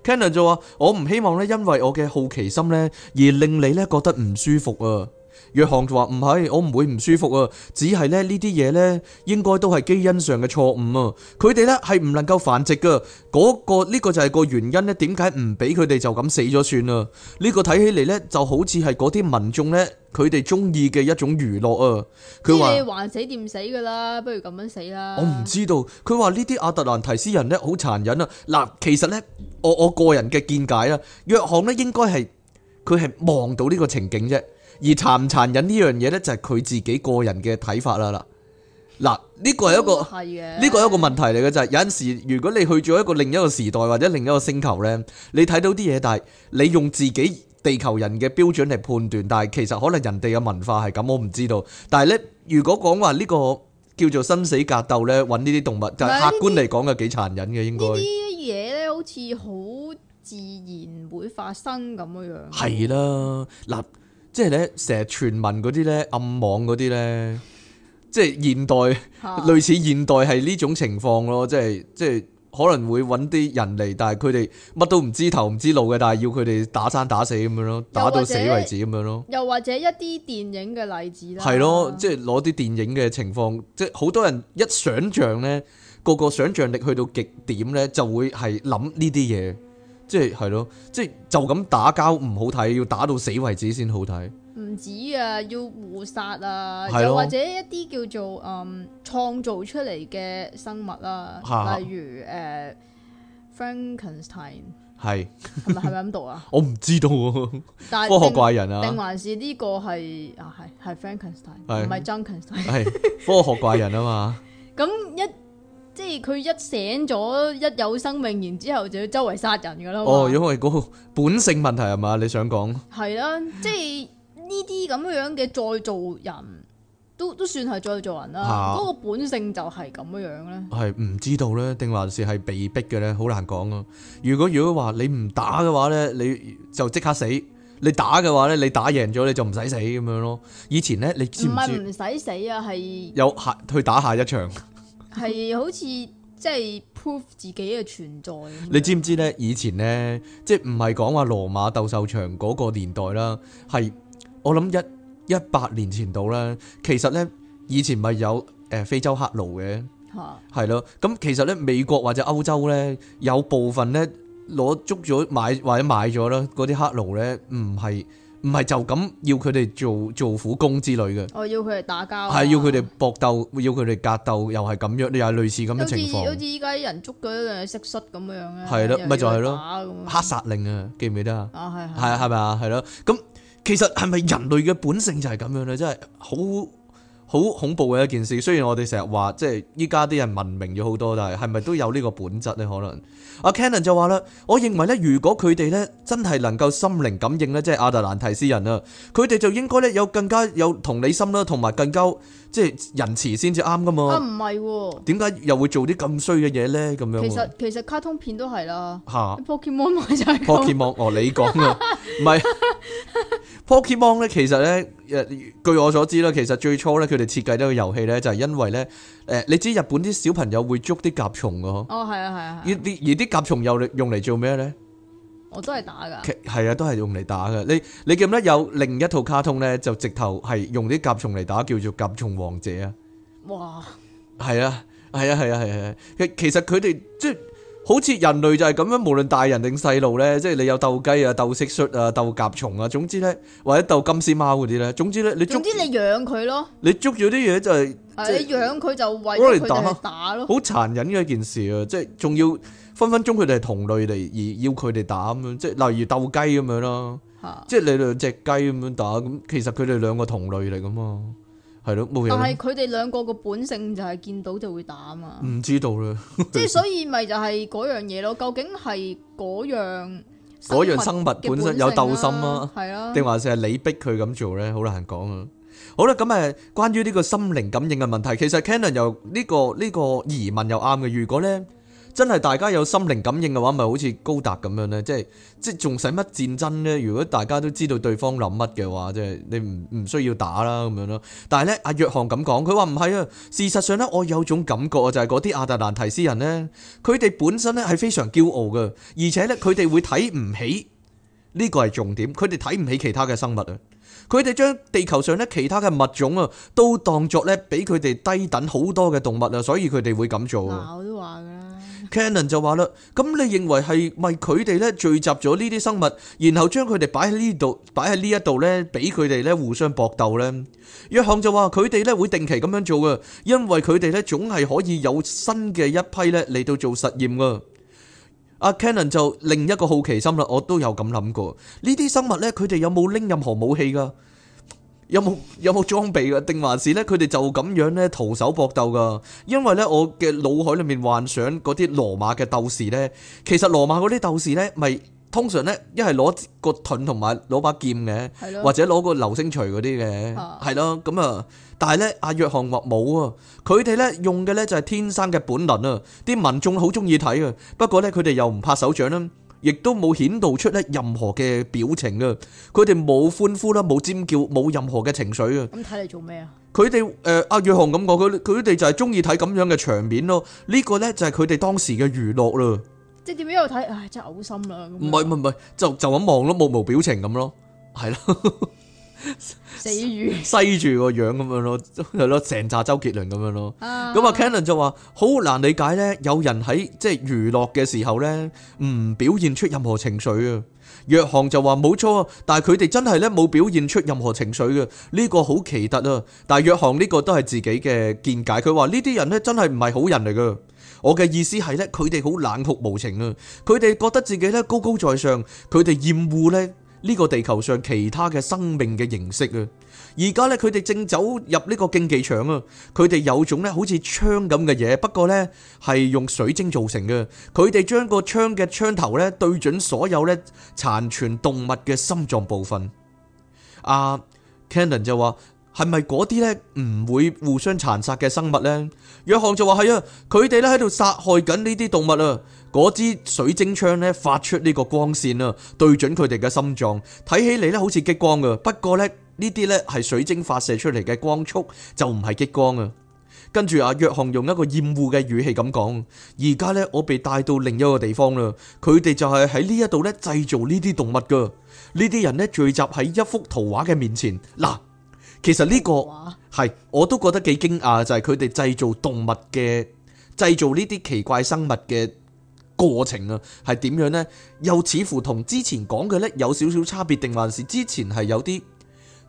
Cannon 就話：我唔希望呢，因為我嘅好奇心呢，而令你呢覺得唔舒服啊。約翰就話唔係，我唔會唔舒服啊！只係咧呢啲嘢呢，應該都係基因上嘅錯誤啊！佢哋呢，係唔能夠繁殖噶，嗰個呢個就係個原因呢，點解唔俾佢哋就咁死咗算啊？呢個睇起嚟呢，就好似係嗰啲民眾呢，佢哋中意嘅一種娛樂啊！佢話橫死掂死噶啦，不如咁樣死啦！我唔知道，佢話呢啲阿特蘭堤斯人呢，好殘忍啊！嗱，其實呢，我我個人嘅見解啦，約翰呢應該係佢係望到呢個情景啫。而殘唔殘忍呢樣嘢呢，就係佢自己個人嘅睇法啦，嗱，呢個係一個呢個係一個問題嚟嘅就係，有陣時如果你去咗一個另一個時代或者另一個星球呢，你睇到啲嘢，但係你用自己地球人嘅標準嚟判斷，但係其實可能人哋嘅文化係咁，我唔知道。但係呢，如果講話呢個叫做生死格鬥呢，揾呢啲動物就係客觀嚟講嘅幾殘忍嘅，應該呢啲嘢咧好似好自然會發生咁樣樣。係啦，嗱。即係咧，成日傳聞嗰啲咧，暗網嗰啲咧，即係現代類似現代係呢種情況咯。即係即係可能會搵啲人嚟，但係佢哋乜都唔知頭唔知路嘅，但係要佢哋打生打死咁樣咯，打到死為止咁樣咯又。又或者一啲電影嘅例子啦，係 *laughs* 咯，即係攞啲電影嘅情況，即係好多人一想象咧，個個想象力去到極點咧，就會係諗呢啲嘢。即係係咯，即係就咁、是就是、打交唔好睇，要打到死為止先好睇。唔止啊，要互殺啊，是的 又或者一啲叫做嗯創造出嚟嘅生物啦、啊，是的 例如誒 Frankenstein，係係咪係咪咁讀啊？ *laughs* 我唔知道，但係科學怪人啊定，定還是呢個係啊？係係 Frankenstein，唔係 Junkenstein，係科學怪人啊嘛。咁 *laughs* 一即係佢一醒咗，一有生命，然之後就要周圍殺人噶咯。哦，因為嗰個本性問題係嘛？你想講？係啦、啊，即係呢啲咁樣嘅再造人都都算係再造人啦。嗰、啊、個本性就係咁樣樣咧。係唔知道咧，定還是係被逼嘅咧？好難講啊。如果如果你話你唔打嘅話咧，你就即刻死；你打嘅話咧，你打贏咗你就唔使死咁樣咯。以前咧，你唔係唔使死啊？係有下去打下一場。係好似即係 prove 自己嘅存在。你知唔知咧？以前咧，即係唔係講話羅馬鬥獸場嗰個年代啦，係我諗一一百年前度啦。其實咧，以前咪有誒非洲黑奴嘅，係咯、啊。咁其實咧，美國或者歐洲咧，有部分咧攞捉咗買或者買咗啦，嗰啲黑奴咧唔係。唔係就咁要佢哋做做苦工之類嘅，哦，要佢哋打交，係要佢哋搏鬥，要佢哋格鬥，又係咁樣，又係類似咁嘅情況。好似好似依家啲人捉嗰啲蟋蟀咁樣咧，係咯，咪就係咯，黑殺令啊，記唔記得啊？啊，係，係啊，係咪啊？係咯，咁其實係咪人類嘅本性就係咁樣咧？真係好。好恐怖嘅一件事，雖然我哋成日話即係依家啲人文明咗好多，但係係咪都有呢個本質咧？可能阿 Canon 就話啦，我認為咧，如果佢哋咧真係能夠心靈感應咧，即係亞特蘭提斯人啊，佢哋就應該咧有更加有同理心啦，同埋更加即係仁慈先至啱噶嘛。啊，唔係喎，點解又會做啲咁衰嘅嘢咧？咁樣其實其實卡通片都係啦，Pokémon 咪就係 Pokémon，哦，你講嘅，唔係 Pokémon 咧，其實咧。誒，據我所知啦，其實最初咧，佢哋設計呢個遊戲咧，就係因為咧，誒，你知日本啲小朋友會捉啲甲蟲噶嗬？哦，係啊，係啊，呢啲而啲甲蟲又用嚟做咩咧？我都係打噶。係啊，都係用嚟打噶。你你記唔記得有另一套卡通咧，就直頭係用啲甲蟲嚟打，叫做甲蟲王者啊？哇！係啊，係啊，係啊，係係，其實佢哋即。好似人類就係咁樣，無論大人定細路咧，即係你有鬥雞啊、鬥蟋蟀啊、鬥甲蟲啊，總之咧，或者鬥金絲貓嗰啲咧，總之咧，你總之你養佢咯。你捉咗啲嘢就係，係你養佢就為咗佢哋打咯，好殘忍嘅一件事啊！即係仲要分分鐘佢哋係同類嚟，而要佢哋打啊！即係例如鬥雞咁樣咯，即係你兩隻雞咁樣打，咁其實佢哋兩個同類嚟咁啊。係咯，冇人。但係佢哋兩個個本性就係見到就會打啊嘛。唔知道啦。即 *laughs* 係所以咪就係嗰樣嘢咯？究竟係嗰樣、啊、樣生物本身有鬥心啊？係咯、啊？定還是係你逼佢咁做咧？好難講啊！好啦，咁誒，關於呢個心靈感應嘅問題，其實 Cannon 又呢個呢、呢個疑問又啱嘅。如果咧。真係大家有心靈感應嘅話，咪好似高達咁樣呢？即係即仲使乜戰爭呢？如果大家都知道對方諗乜嘅話，即係你唔唔需要打啦咁樣咯。但係呢，阿約翰咁講，佢話唔係啊。事實上呢，我有種感覺啊，就係嗰啲亞特蘭提斯人呢，佢哋本身呢係非常驕傲嘅，而且呢，佢哋會睇唔起呢個係重點，佢哋睇唔起其他嘅生物啊。佢哋將地球上呢其他嘅物種啊都當作呢比佢哋低等好多嘅動物啊，所以佢哋會咁做啊。我都話㗎啦。Canon 就話啦，咁你認為係咪佢哋咧聚集咗呢啲生物，然後將佢哋擺喺呢度，擺喺呢一度咧，俾佢哋咧互相搏鬥咧？約翰就話佢哋咧會定期咁樣做嘅，因為佢哋咧總係可以有新嘅一批咧嚟到做實驗㗎。阿 Canon 就另一個好奇心啦，我都有咁諗過，呢啲生物咧，佢哋有冇拎任何武器㗎？有冇有冇裝備嘅？定還是咧佢哋就咁樣咧徒手搏鬥㗎？因為咧我嘅腦海裏面幻想嗰啲羅馬嘅鬥士咧，其實羅馬嗰啲鬥士咧咪通常咧一係攞個盾同埋攞把劍嘅，咯或者攞個流星錘嗰啲嘅，係、啊、咯。咁啊，但係咧阿約翰話冇啊，佢哋咧用嘅咧就係天生嘅本能啊！啲民眾好中意睇啊，不過咧佢哋又唔拍手掌咯。亦都冇顯露出咧任何嘅表情啊！佢哋冇歡呼啦，冇尖叫，冇任何嘅情緒啊！咁睇嚟做咩啊？佢哋誒，阿約翰咁講，佢佢哋就係中意睇咁樣嘅場面咯。呢個咧就係佢哋當時嘅娛樂啦。即係點樣，一路睇，唉，真係嘔心啦！唔係唔係唔係，就就咁望咯，目無表情咁咯，係咯。死魚，西住個樣咁樣咯，係咯，成扎周杰倫咁樣咯。咁啊、uh，Cannon 就話好、uh, uh, 難理解呢，有人喺即係娛樂嘅時候呢唔表現出任何情緒啊。約翰就話冇錯啊，但係佢哋真係呢冇表現出任何情緒嘅，呢、這個好奇特啊。但係約翰呢個都係自己嘅見解，佢話呢啲人呢真係唔係好人嚟噶。我嘅意思係呢，佢哋好冷酷無情啊，佢哋覺得自己呢高高在上，佢哋厭惡呢。呢個地球上其他嘅生命嘅形式啊，而家咧佢哋正走入呢個競技場啊，佢哋有種咧好似槍咁嘅嘢，不過呢係用水晶做成嘅。佢哋將個槍嘅槍頭咧對準所有咧殘存動物嘅心臟部分。啊 Cannon 就話：係咪嗰啲呢唔會互相殘殺嘅生物呢？約翰就話：係啊，佢哋咧喺度殺害緊呢啲動物啊！嗰支水晶槍咧，發出呢個光線啊，對準佢哋嘅心臟。睇起嚟咧，好似激光噶，不過咧呢啲咧係水晶發射出嚟嘅光束，就唔係激光啊。跟住啊，約翰用一個厭惡嘅語氣咁講：而家咧，我被帶到另一個地方啦。佢哋就係喺呢一度咧製造呢啲動物噶。呢啲人咧聚集喺一幅圖畫嘅面前。嗱，其實呢、這個係畫我都覺得幾驚訝，就係佢哋製造動物嘅，製造呢啲奇怪生物嘅。過程啊，係點樣呢？又似乎同之前講嘅呢有少少差別，定還是之前係有啲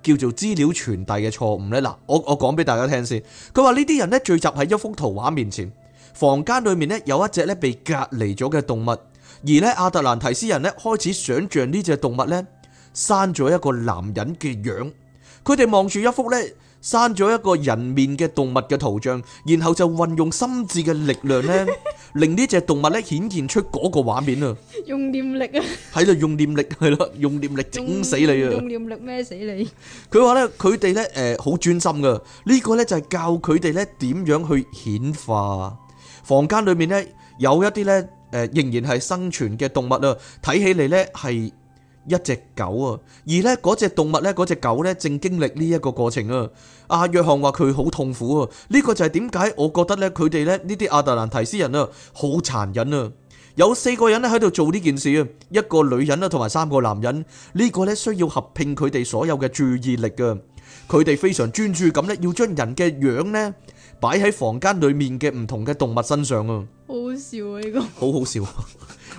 叫做資料傳遞嘅錯誤呢？嗱，我我講俾大家聽先。佢話呢啲人呢聚集喺一幅圖畫面前，房間裏面呢有一隻呢被隔離咗嘅動物，而呢，阿特蘭提斯人呢開始想象呢隻動物呢生咗一個男人嘅樣，佢哋望住一幅呢、刪咗一個人面嘅動物嘅圖像，然後就運用心智嘅力量咧，令呢隻動物咧顯現出嗰個畫面啊！用念力啊！喺度用念力，係咯，用念力整死你啊！用念力咩死你！佢話咧，佢哋咧，誒，好專心噶。呢個咧就係教佢哋咧點樣去顯化。房間裏面咧有一啲咧，誒，仍然係生存嘅動物啊。睇起嚟咧係。一隻狗啊，而呢嗰隻動物呢，嗰隻狗呢，正經歷呢一個過程啊。阿約翰話佢好痛苦啊，呢個就係點解我覺得呢，佢哋呢呢啲阿特蘭堤斯人啊好殘忍啊。有四個人呢喺度做呢件事啊，一個女人啊，同埋三個男人，呢個呢，需要合併佢哋所有嘅注意力啊。佢哋非常專注咁呢，要將人嘅樣呢，擺喺房間裏面嘅唔同嘅動物身上啊。好好笑啊呢個，好好笑。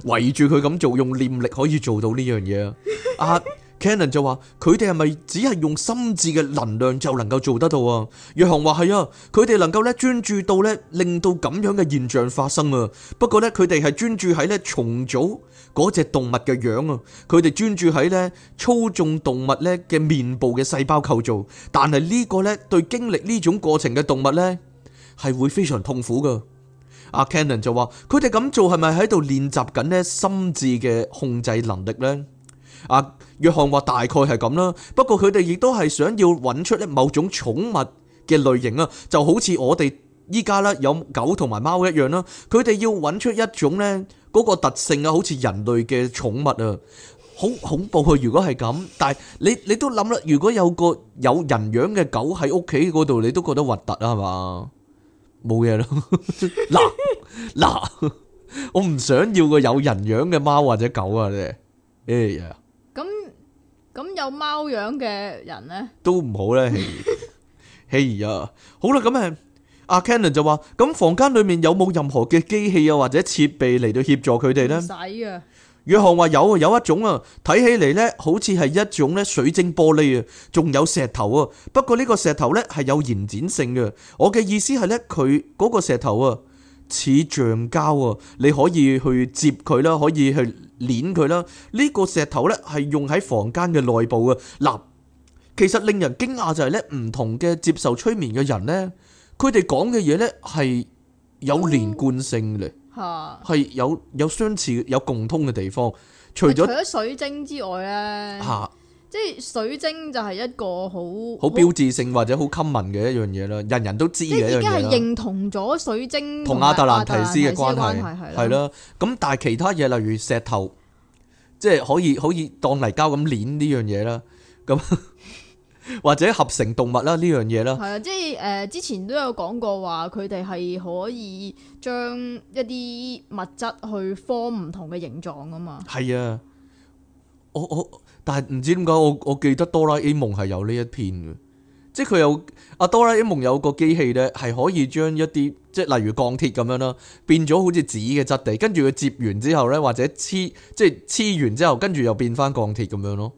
圍住佢咁做，用念力可以做到呢樣嘢啊！阿、 *laughs* uh, Cannon 就話：佢哋係咪只係用心智嘅能量就能夠做得到啊？約翰話係啊，佢哋能夠咧專注到咧令到咁樣嘅現象發生啊。不過咧，佢哋係專注喺咧重組嗰隻動物嘅樣啊。佢哋專注喺咧操縱動物咧嘅面部嘅細胞構造，但係呢個咧對經歷呢種過程嘅動物咧係會非常痛苦噶。阿 Cannon 就話：佢哋咁做係咪喺度練習緊呢心智嘅控制能力呢？阿約翰話：大概係咁啦，不過佢哋亦都係想要揾出呢某種寵物嘅類型啊，就好似我哋依家啦有狗同埋貓一樣啦。佢哋要揾出一種呢嗰個特性啊，好似人類嘅寵物啊，好恐怖啊！如果係咁，但係你你都諗啦，如果有個有人樣嘅狗喺屋企嗰度，你都覺得核突啊，係嘛？冇嘢咯，嗱嗱， *laughs* 我唔想要個有人樣嘅貓或者狗啊，你，哎呀，咁咁有貓樣嘅人咧，都唔好咧，哎呀， *laughs* 哎呀好啦，咁係阿 Cannon 就話，咁房間裏面有冇任何嘅機器啊或者設備嚟到協助佢哋咧？唔使啊。約翰話有啊，有一種啊，睇起嚟咧，好似係一種咧水晶玻璃啊，仲有石頭啊。不過呢個石頭咧係有延展性嘅。我嘅意思係咧，佢嗰個石頭啊似橡膠啊，你可以去接佢啦，可以去捻佢啦。呢個石頭咧係用喺房間嘅內部啊。嗱，其實令人驚訝就係咧，唔同嘅接受催眠嘅人咧，佢哋講嘅嘢咧係有連貫性嘅。吓，係有有相似，有共通嘅地方，除咗除咗水晶之外咧，吓、啊、即係水晶就係一個好好標誌性或者好 common 嘅一樣嘢啦，人人都知嘅一樣嘢啦。而家係認同咗水晶同阿特蘭堤斯嘅關係關係啦，咁、嗯、的但係其他嘢，例如石頭，即係可以可以當泥膠咁碾呢樣嘢啦，咁。或者合成動物啦呢樣嘢啦，係啊，即係誒、呃、之前都有講過話佢哋係可以將一啲物質去 form 唔同嘅形狀啊嘛。係啊，我我但係唔知點解我我記得哆啦 A 夢係有呢一篇嘅。即係佢有阿哆啦 A 夢有個機器咧，係可以將一啲即係例如鋼鐵咁樣啦，變咗好似紙嘅質地，跟住佢接完之後咧，或者黐即係黐完之後，跟住又變翻鋼鐵咁樣咯，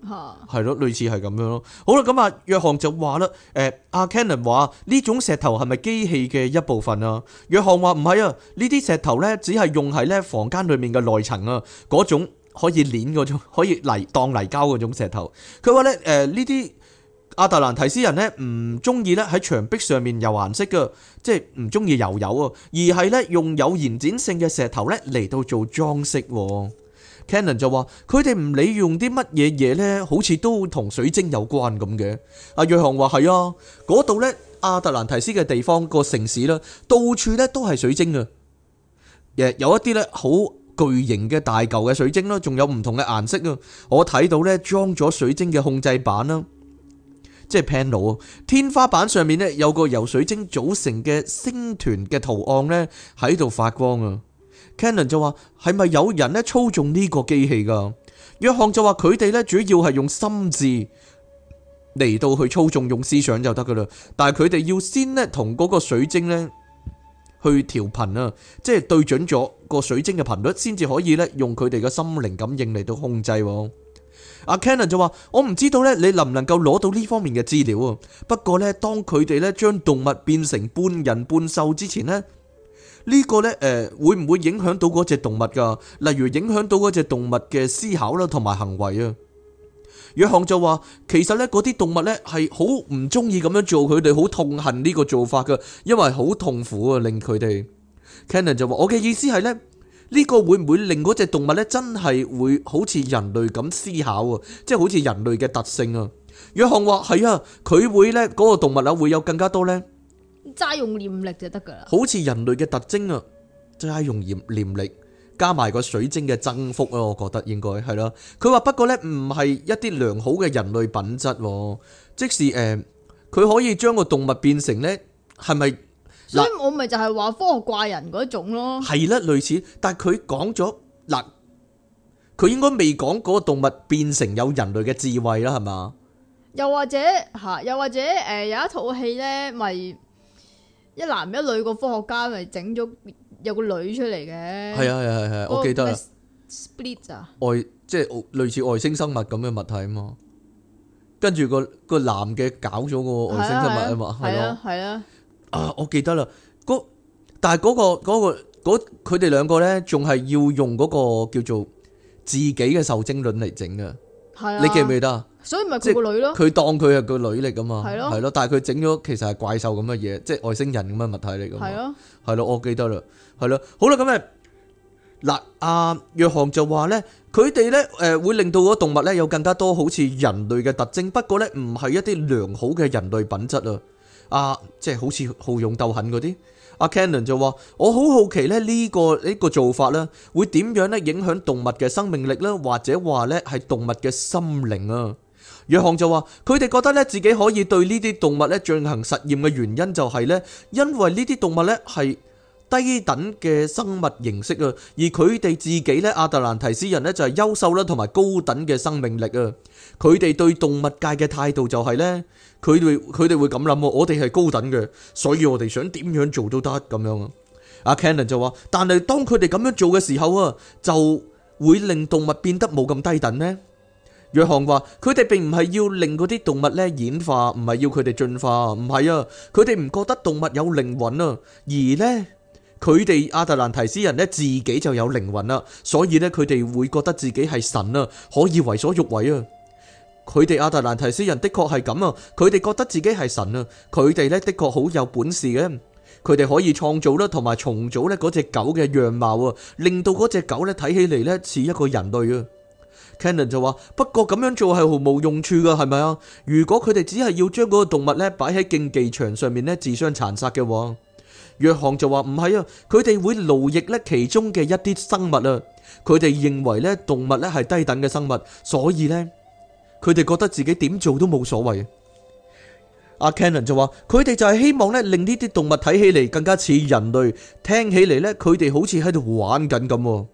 係咯，啊，類似係咁樣咯。好啦，咁啊，約翰就話啦，誒，阿 Kennen 話呢種石頭係咪機器嘅一部分啊？約翰話唔係啊，呢啲石頭咧，只係用喺咧房間裡面嘅內層啊，嗰種可以碾嗰種可以泥當泥膠嗰種石頭。佢話咧，誒呢啲。阿特蘭提斯人咧唔中意咧喺牆壁上面塗顏色嘅，即係唔中意塗油啊，而係咧用有延展性嘅石頭咧嚟到做裝飾。Cannon 就話：佢哋唔理用啲乜嘢嘢咧，好似都同水晶有關咁嘅。阿約翰話：係啊，嗰度咧阿特蘭提斯嘅地方個城市啦，到處咧都係水晶啊。誒有一啲咧好巨型嘅大嚿嘅水晶啦，仲有唔同嘅顏色啊。我睇到咧裝咗水晶嘅控制板啦。即係 panel 啊！天花板上面咧有個由水晶組成嘅星團嘅圖案咧喺度發光啊！Canon 就話：係咪有人咧操縱呢個機器㗎？約翰就話：佢哋咧主要係用心智嚟到去操縱，用思想就得㗎啦。但係佢哋要先咧同嗰個水晶咧去調頻啊，即係對準咗個水晶嘅頻率，先至可以呢用佢哋嘅心靈感應嚟到控制。阿 Kennan 就話：我唔知道咧，你能唔能夠攞到呢方面嘅資料啊？不過咧，當佢哋咧將動物變成半人半獸之前咧，呢個咧誒會唔會影響到嗰隻動物㗎？例如影響到嗰隻動物嘅思考啦，同埋行為啊。約翰就話：其實咧，嗰啲動物咧係好唔鍾意咁樣做，佢哋好痛恨呢個做法㗎，因為好痛苦啊，令佢哋。Kennan 就話：我嘅意思係咧。呢個會唔會令嗰隻動物咧真係會好似人類咁思考啊？即係好似人類嘅特性啊！約翰話，係啊，佢會咧嗰個動物啊會有更加多咧，齋用念力就得噶啦。好似人類嘅特徵啊，齋用念念力加埋個水晶嘅增幅啊，我覺得應該係啦。佢話不過咧唔係一啲良好嘅人類品質，即使誒佢可以將個動物變成咧，係咪？所以我咪就係話科學怪人嗰種咯，係啦，類似，但係佢講咗嗱，佢應該未講嗰個動物變成有人類嘅智慧啦，係嘛？又或者吓，又或者誒，有一套戲咧，咪、就是、一男一女個科學家咪整咗有個女出嚟嘅，係啊係啊係啊，我記得。Split 啊，外即係類似外星生物咁嘅物體嘛？跟住個個男嘅搞咗個外星生物啊嘛？係咯、啊，係啦、啊。啊，我記得啦，嗰但係嗰個嗰個嗰佢哋兩個咧，仲係要用嗰個叫做自己嘅受精卵嚟整嘅，你記唔記得啊？所以咪佢個女咯，佢當佢係個女嚟噶嘛，係咯，係咯，但係佢整咗其實係怪獸咁嘅嘢，即係外星人咁嘅物體嚟噶嘛，係咯，係咯，我記得啦，係咯，好啦，咁啊，嗱，阿約翰就話咧，佢哋咧誒會令到個動物咧有更加多好似人類嘅特徵，不過咧唔係一啲良好嘅人類品質啊。阿、啊、即係好似好勇鬥狠嗰啲，阿 c a n o n 就話：我好好奇咧、這、呢個呢、這個做法啦，會點樣咧影響動物嘅生命力咧？或者話咧係動物嘅心靈啊？約翰就話：佢哋覺得咧自己可以對呢啲動物咧進行實驗嘅原因就係咧，因為呢啲動物咧係低等嘅生物形式啊，而佢哋自己咧亞特蘭提斯人咧就係優秀啦同埋高等嘅生命力啊。佢哋對動物界嘅態度就係呢，佢哋佢哋會咁諗，我哋係高等嘅，所以我哋想點樣做都得咁樣啊！阿 Cannon 就話：但係當佢哋咁樣做嘅時候啊，就會令動物變得冇咁低等呢。約翰話：佢哋並唔係要令嗰啲動物呢演化，唔係要佢哋進化，唔係啊，佢哋唔覺得動物有靈魂啊，而呢佢哋亞特蘭提斯人呢自己就有靈魂啦，所以呢佢哋會覺得自己係神啊，可以為所欲為啊！佢哋亞特蘭提斯人的確係咁啊！佢哋覺得自己係神啊！佢哋咧的確好有本事嘅，佢哋可以創造啦，同埋重組咧嗰隻狗嘅樣貌啊，令到嗰隻狗咧睇起嚟咧似一個人類啊。Cannon 就話：不過咁樣做係毫無用處噶，係咪啊？如果佢哋只係要將嗰個動物咧擺喺競技場上面咧自相殘殺嘅，約翰就話唔係啊，佢哋會奴役咧其中嘅一啲生物啊！佢哋認為咧動物咧係低等嘅生物，所以咧。佢哋覺得自己點做都冇所謂。阿 Cannon 就話，佢哋就係希望咧，令呢啲動物睇起嚟更加似人類，聽起嚟咧，佢哋好似喺度玩緊咁。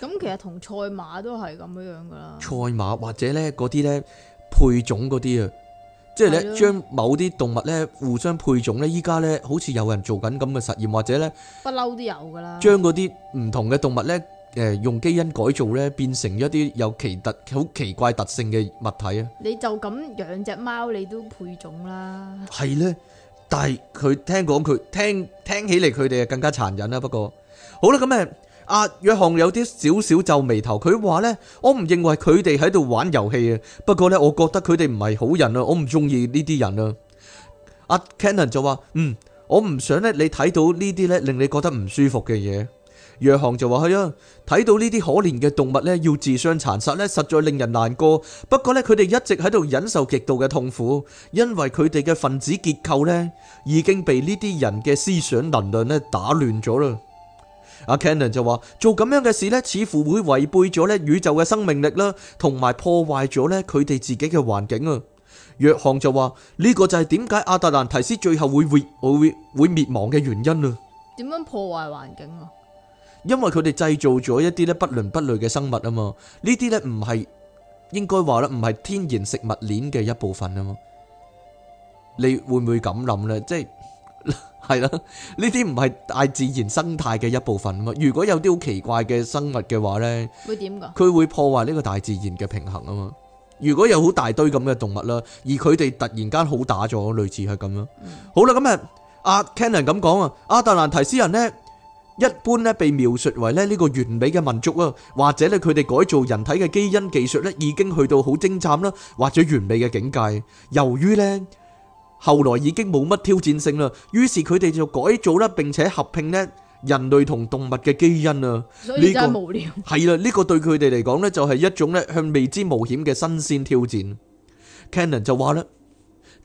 咁其實同賽馬都係咁樣噶啦。賽馬或者咧嗰啲咧配種嗰啲啊，即係咧將某啲動物咧互相配種咧，依家咧好似有人做緊咁嘅實驗，或者咧不嬲都有噶啦。將嗰啲唔同嘅動物咧。誒，用基因改造咧，變成一啲有奇特、好奇怪特性嘅物體啊！你就咁養隻貓，你都配種啦？係咧，但係佢聽講，佢聽聽起嚟佢哋啊更加殘忍啦。不過好啦，咁誒，阿約翰有啲少少皺眉頭，佢話咧，我唔認為佢哋喺度玩遊戲啊。不過咧，我覺得佢哋唔係好人啊，我唔中意呢啲人啊。阿 Cannon 就話：嗯，我唔想咧你睇到呢啲咧令你覺得唔舒服嘅嘢。約翰就話：係啊，睇到呢啲可憐嘅動物咧，要自相殘殺咧，實在令人難過。不過咧，佢哋一直喺度忍受極度嘅痛苦，因為佢哋嘅分子結構咧，已經被呢啲人嘅思想能量咧打亂咗啦。阿 Kenon 就話：做咁樣嘅事咧，似乎會違背咗咧宇宙嘅生命力啦，同埋破壞咗咧佢哋自己嘅環境啊。約翰就話：呢、這個就係點解阿特蘭提斯最後會會會滅亡嘅原因啊？點樣破壞環境啊？因為佢哋製造咗一啲咧不倫不類嘅生物啊嘛，呢啲咧唔係應該話咧唔係天然食物鏈嘅一部分啊嘛，你會唔會咁諗咧？即係係啦，呢啲唔係大自然生態嘅一部分啊嘛。如果有啲好奇怪嘅生物嘅話咧，會點噶？佢會破壞呢個大自然嘅平衡啊嘛。如果有好大堆咁嘅動物啦，而佢哋突然間好打咗，類似係咁啦。好啦，咁啊阿 Cannon 咁講啊，阿特蘭提斯人咧。一般咧被描述為咧呢個完美嘅民族啊，或者咧佢哋改造人體嘅基因技術咧已經去到好精湛啦，或者完美嘅境界。由於咧後來已經冇乜挑戰性啦，於是佢哋就改造啦，並且合併咧人類同動物嘅基因啊。所以真係無聊。係啦，呢個對佢哋嚟講咧就係一種咧向未知冒險嘅新鮮挑戰。Canon 就話啦。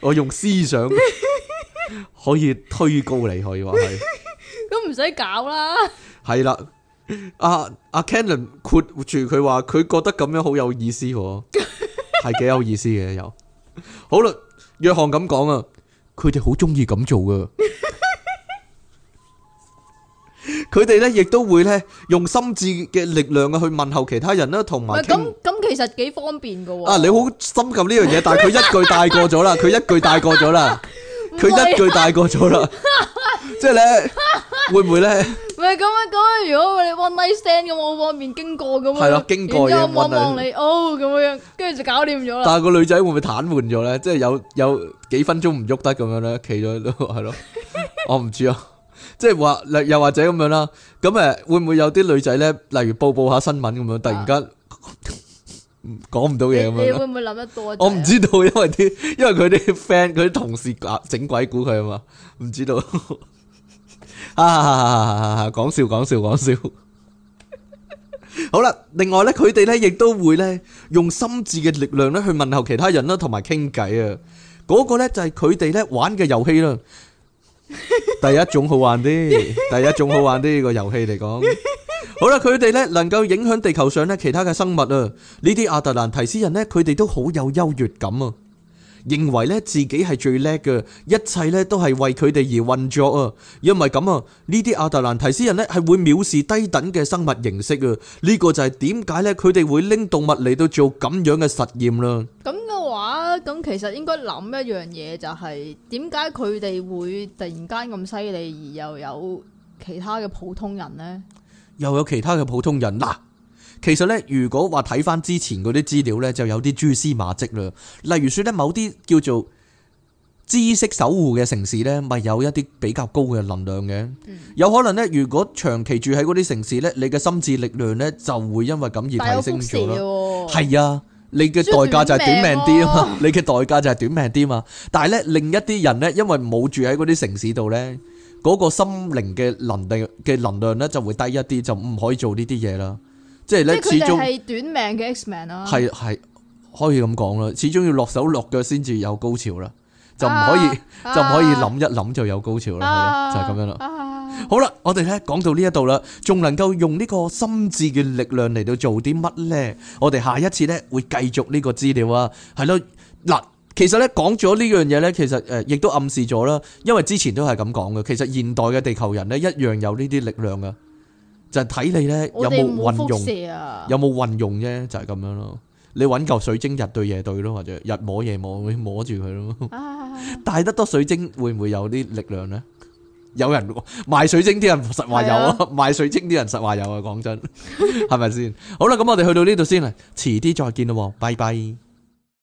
我用思想可以推高你去話係，咁唔使搞啦。係啦，阿阿 Kenan 括住佢話，佢覺得咁樣好有意思，係幾有意思嘅。又好啦，約翰咁講啊，佢哋好中意咁做噶。佢哋咧亦都會咧，用心智嘅力量啊，去問候其他人啦，同埋傾。其實幾方便嘅喎啊！你好深諳呢樣嘢，但係佢一句大過咗啦，佢一句大過咗啦，佢一句大過咗啦，即係咧會唔會咧？唔係咁樣，咁樣，如果你 one night stand 咁，好方便經過咁啊，係咯，經過咁，望望你哦咁樣，跟住就搞掂咗啦。但係個女仔會唔會癱瘓咗咧？即係有有幾分鐘唔喐得咁樣咧，企咗喺度係咯，我唔知啊。即係話，例又或者咁樣啦，咁誒會唔會有啲女仔咧？例如報報下新聞咁樣，突然間。講唔到嘢咁樣，你會唔會諗得多？我唔知道，因為啲因為佢啲 friend 佢啲同事整鬼估佢啊嘛，唔知道啊講笑講笑講笑，好啦，另外咧，佢哋咧亦都會咧用心智嘅力量咧去問候其他人啦，同埋傾偈啊，嗰個咧就係佢哋咧玩嘅遊戲啦，第一種好玩啲，第一種好玩啲個遊戲嚟講。好啦，佢哋咧能夠影響地球上咧其他嘅生物啊！呢啲阿特蘭堤斯人咧，佢哋都好有優越感啊，認為咧自己係最叻嘅，一切咧都係為佢哋而運作啊！因為咁啊，呢啲阿特蘭堤斯人咧係會藐視低等嘅生物形式啊！呢個就係點解咧，佢哋會拎動物嚟到做咁樣嘅實驗啦。咁嘅話，咁其實應該諗一樣嘢，就係點解佢哋會突然間咁犀利，而又有其他嘅普通人咧？又有其他嘅普通人嗱，其實呢，如果話睇翻之前嗰啲資料呢，就有啲蛛絲馬跡啦。例如說咧，某啲叫做知識守護嘅城市呢，咪有一啲比較高嘅能量嘅。有可能呢，如果長期住喺嗰啲城市呢，你嘅心智力量呢就會因為咁而提升咗咯。係啊，你嘅代價就係短命啲啊嘛，你嘅代價就係短命啲嘛。但係呢，另一啲人呢，因為冇住喺嗰啲城市度呢。嗰個心靈嘅能力嘅能量咧，就會低一啲，就唔可以做呢啲嘢啦。即係咧，始終係短命嘅 X-Men 啦。係，係可以咁講啦，始終要落手落腳先至有高潮啦，就唔可以，就唔可以諗一諗就有高潮啦，係咯，就係咁樣啦。好啦，我哋咧講到呢一度啦，仲能夠用呢個心智嘅力量嚟，到做啲乜咧？我哋下一次咧會繼續呢個資料啊，係咯，嗱。其實咧講咗呢樣嘢咧，其實誒亦都暗示咗啦，因為之前都係咁講嘅。其實現代嘅地球人咧，一樣有呢啲力量噶，就係睇你咧有冇運用，有冇運、啊、用啫，就係、是、咁樣咯。你搵嚿水晶日對夜對咯，或者日摸夜摸會摸住佢咯。但 *laughs* 戴得多水晶會唔會有啲力量咧？有人賣水晶啲人實話有啊，賣水晶啲人實話有啊。講真，係咪 *laughs* 先？好啦，咁我哋去到呢度先啦，遲啲再見咯，拜拜。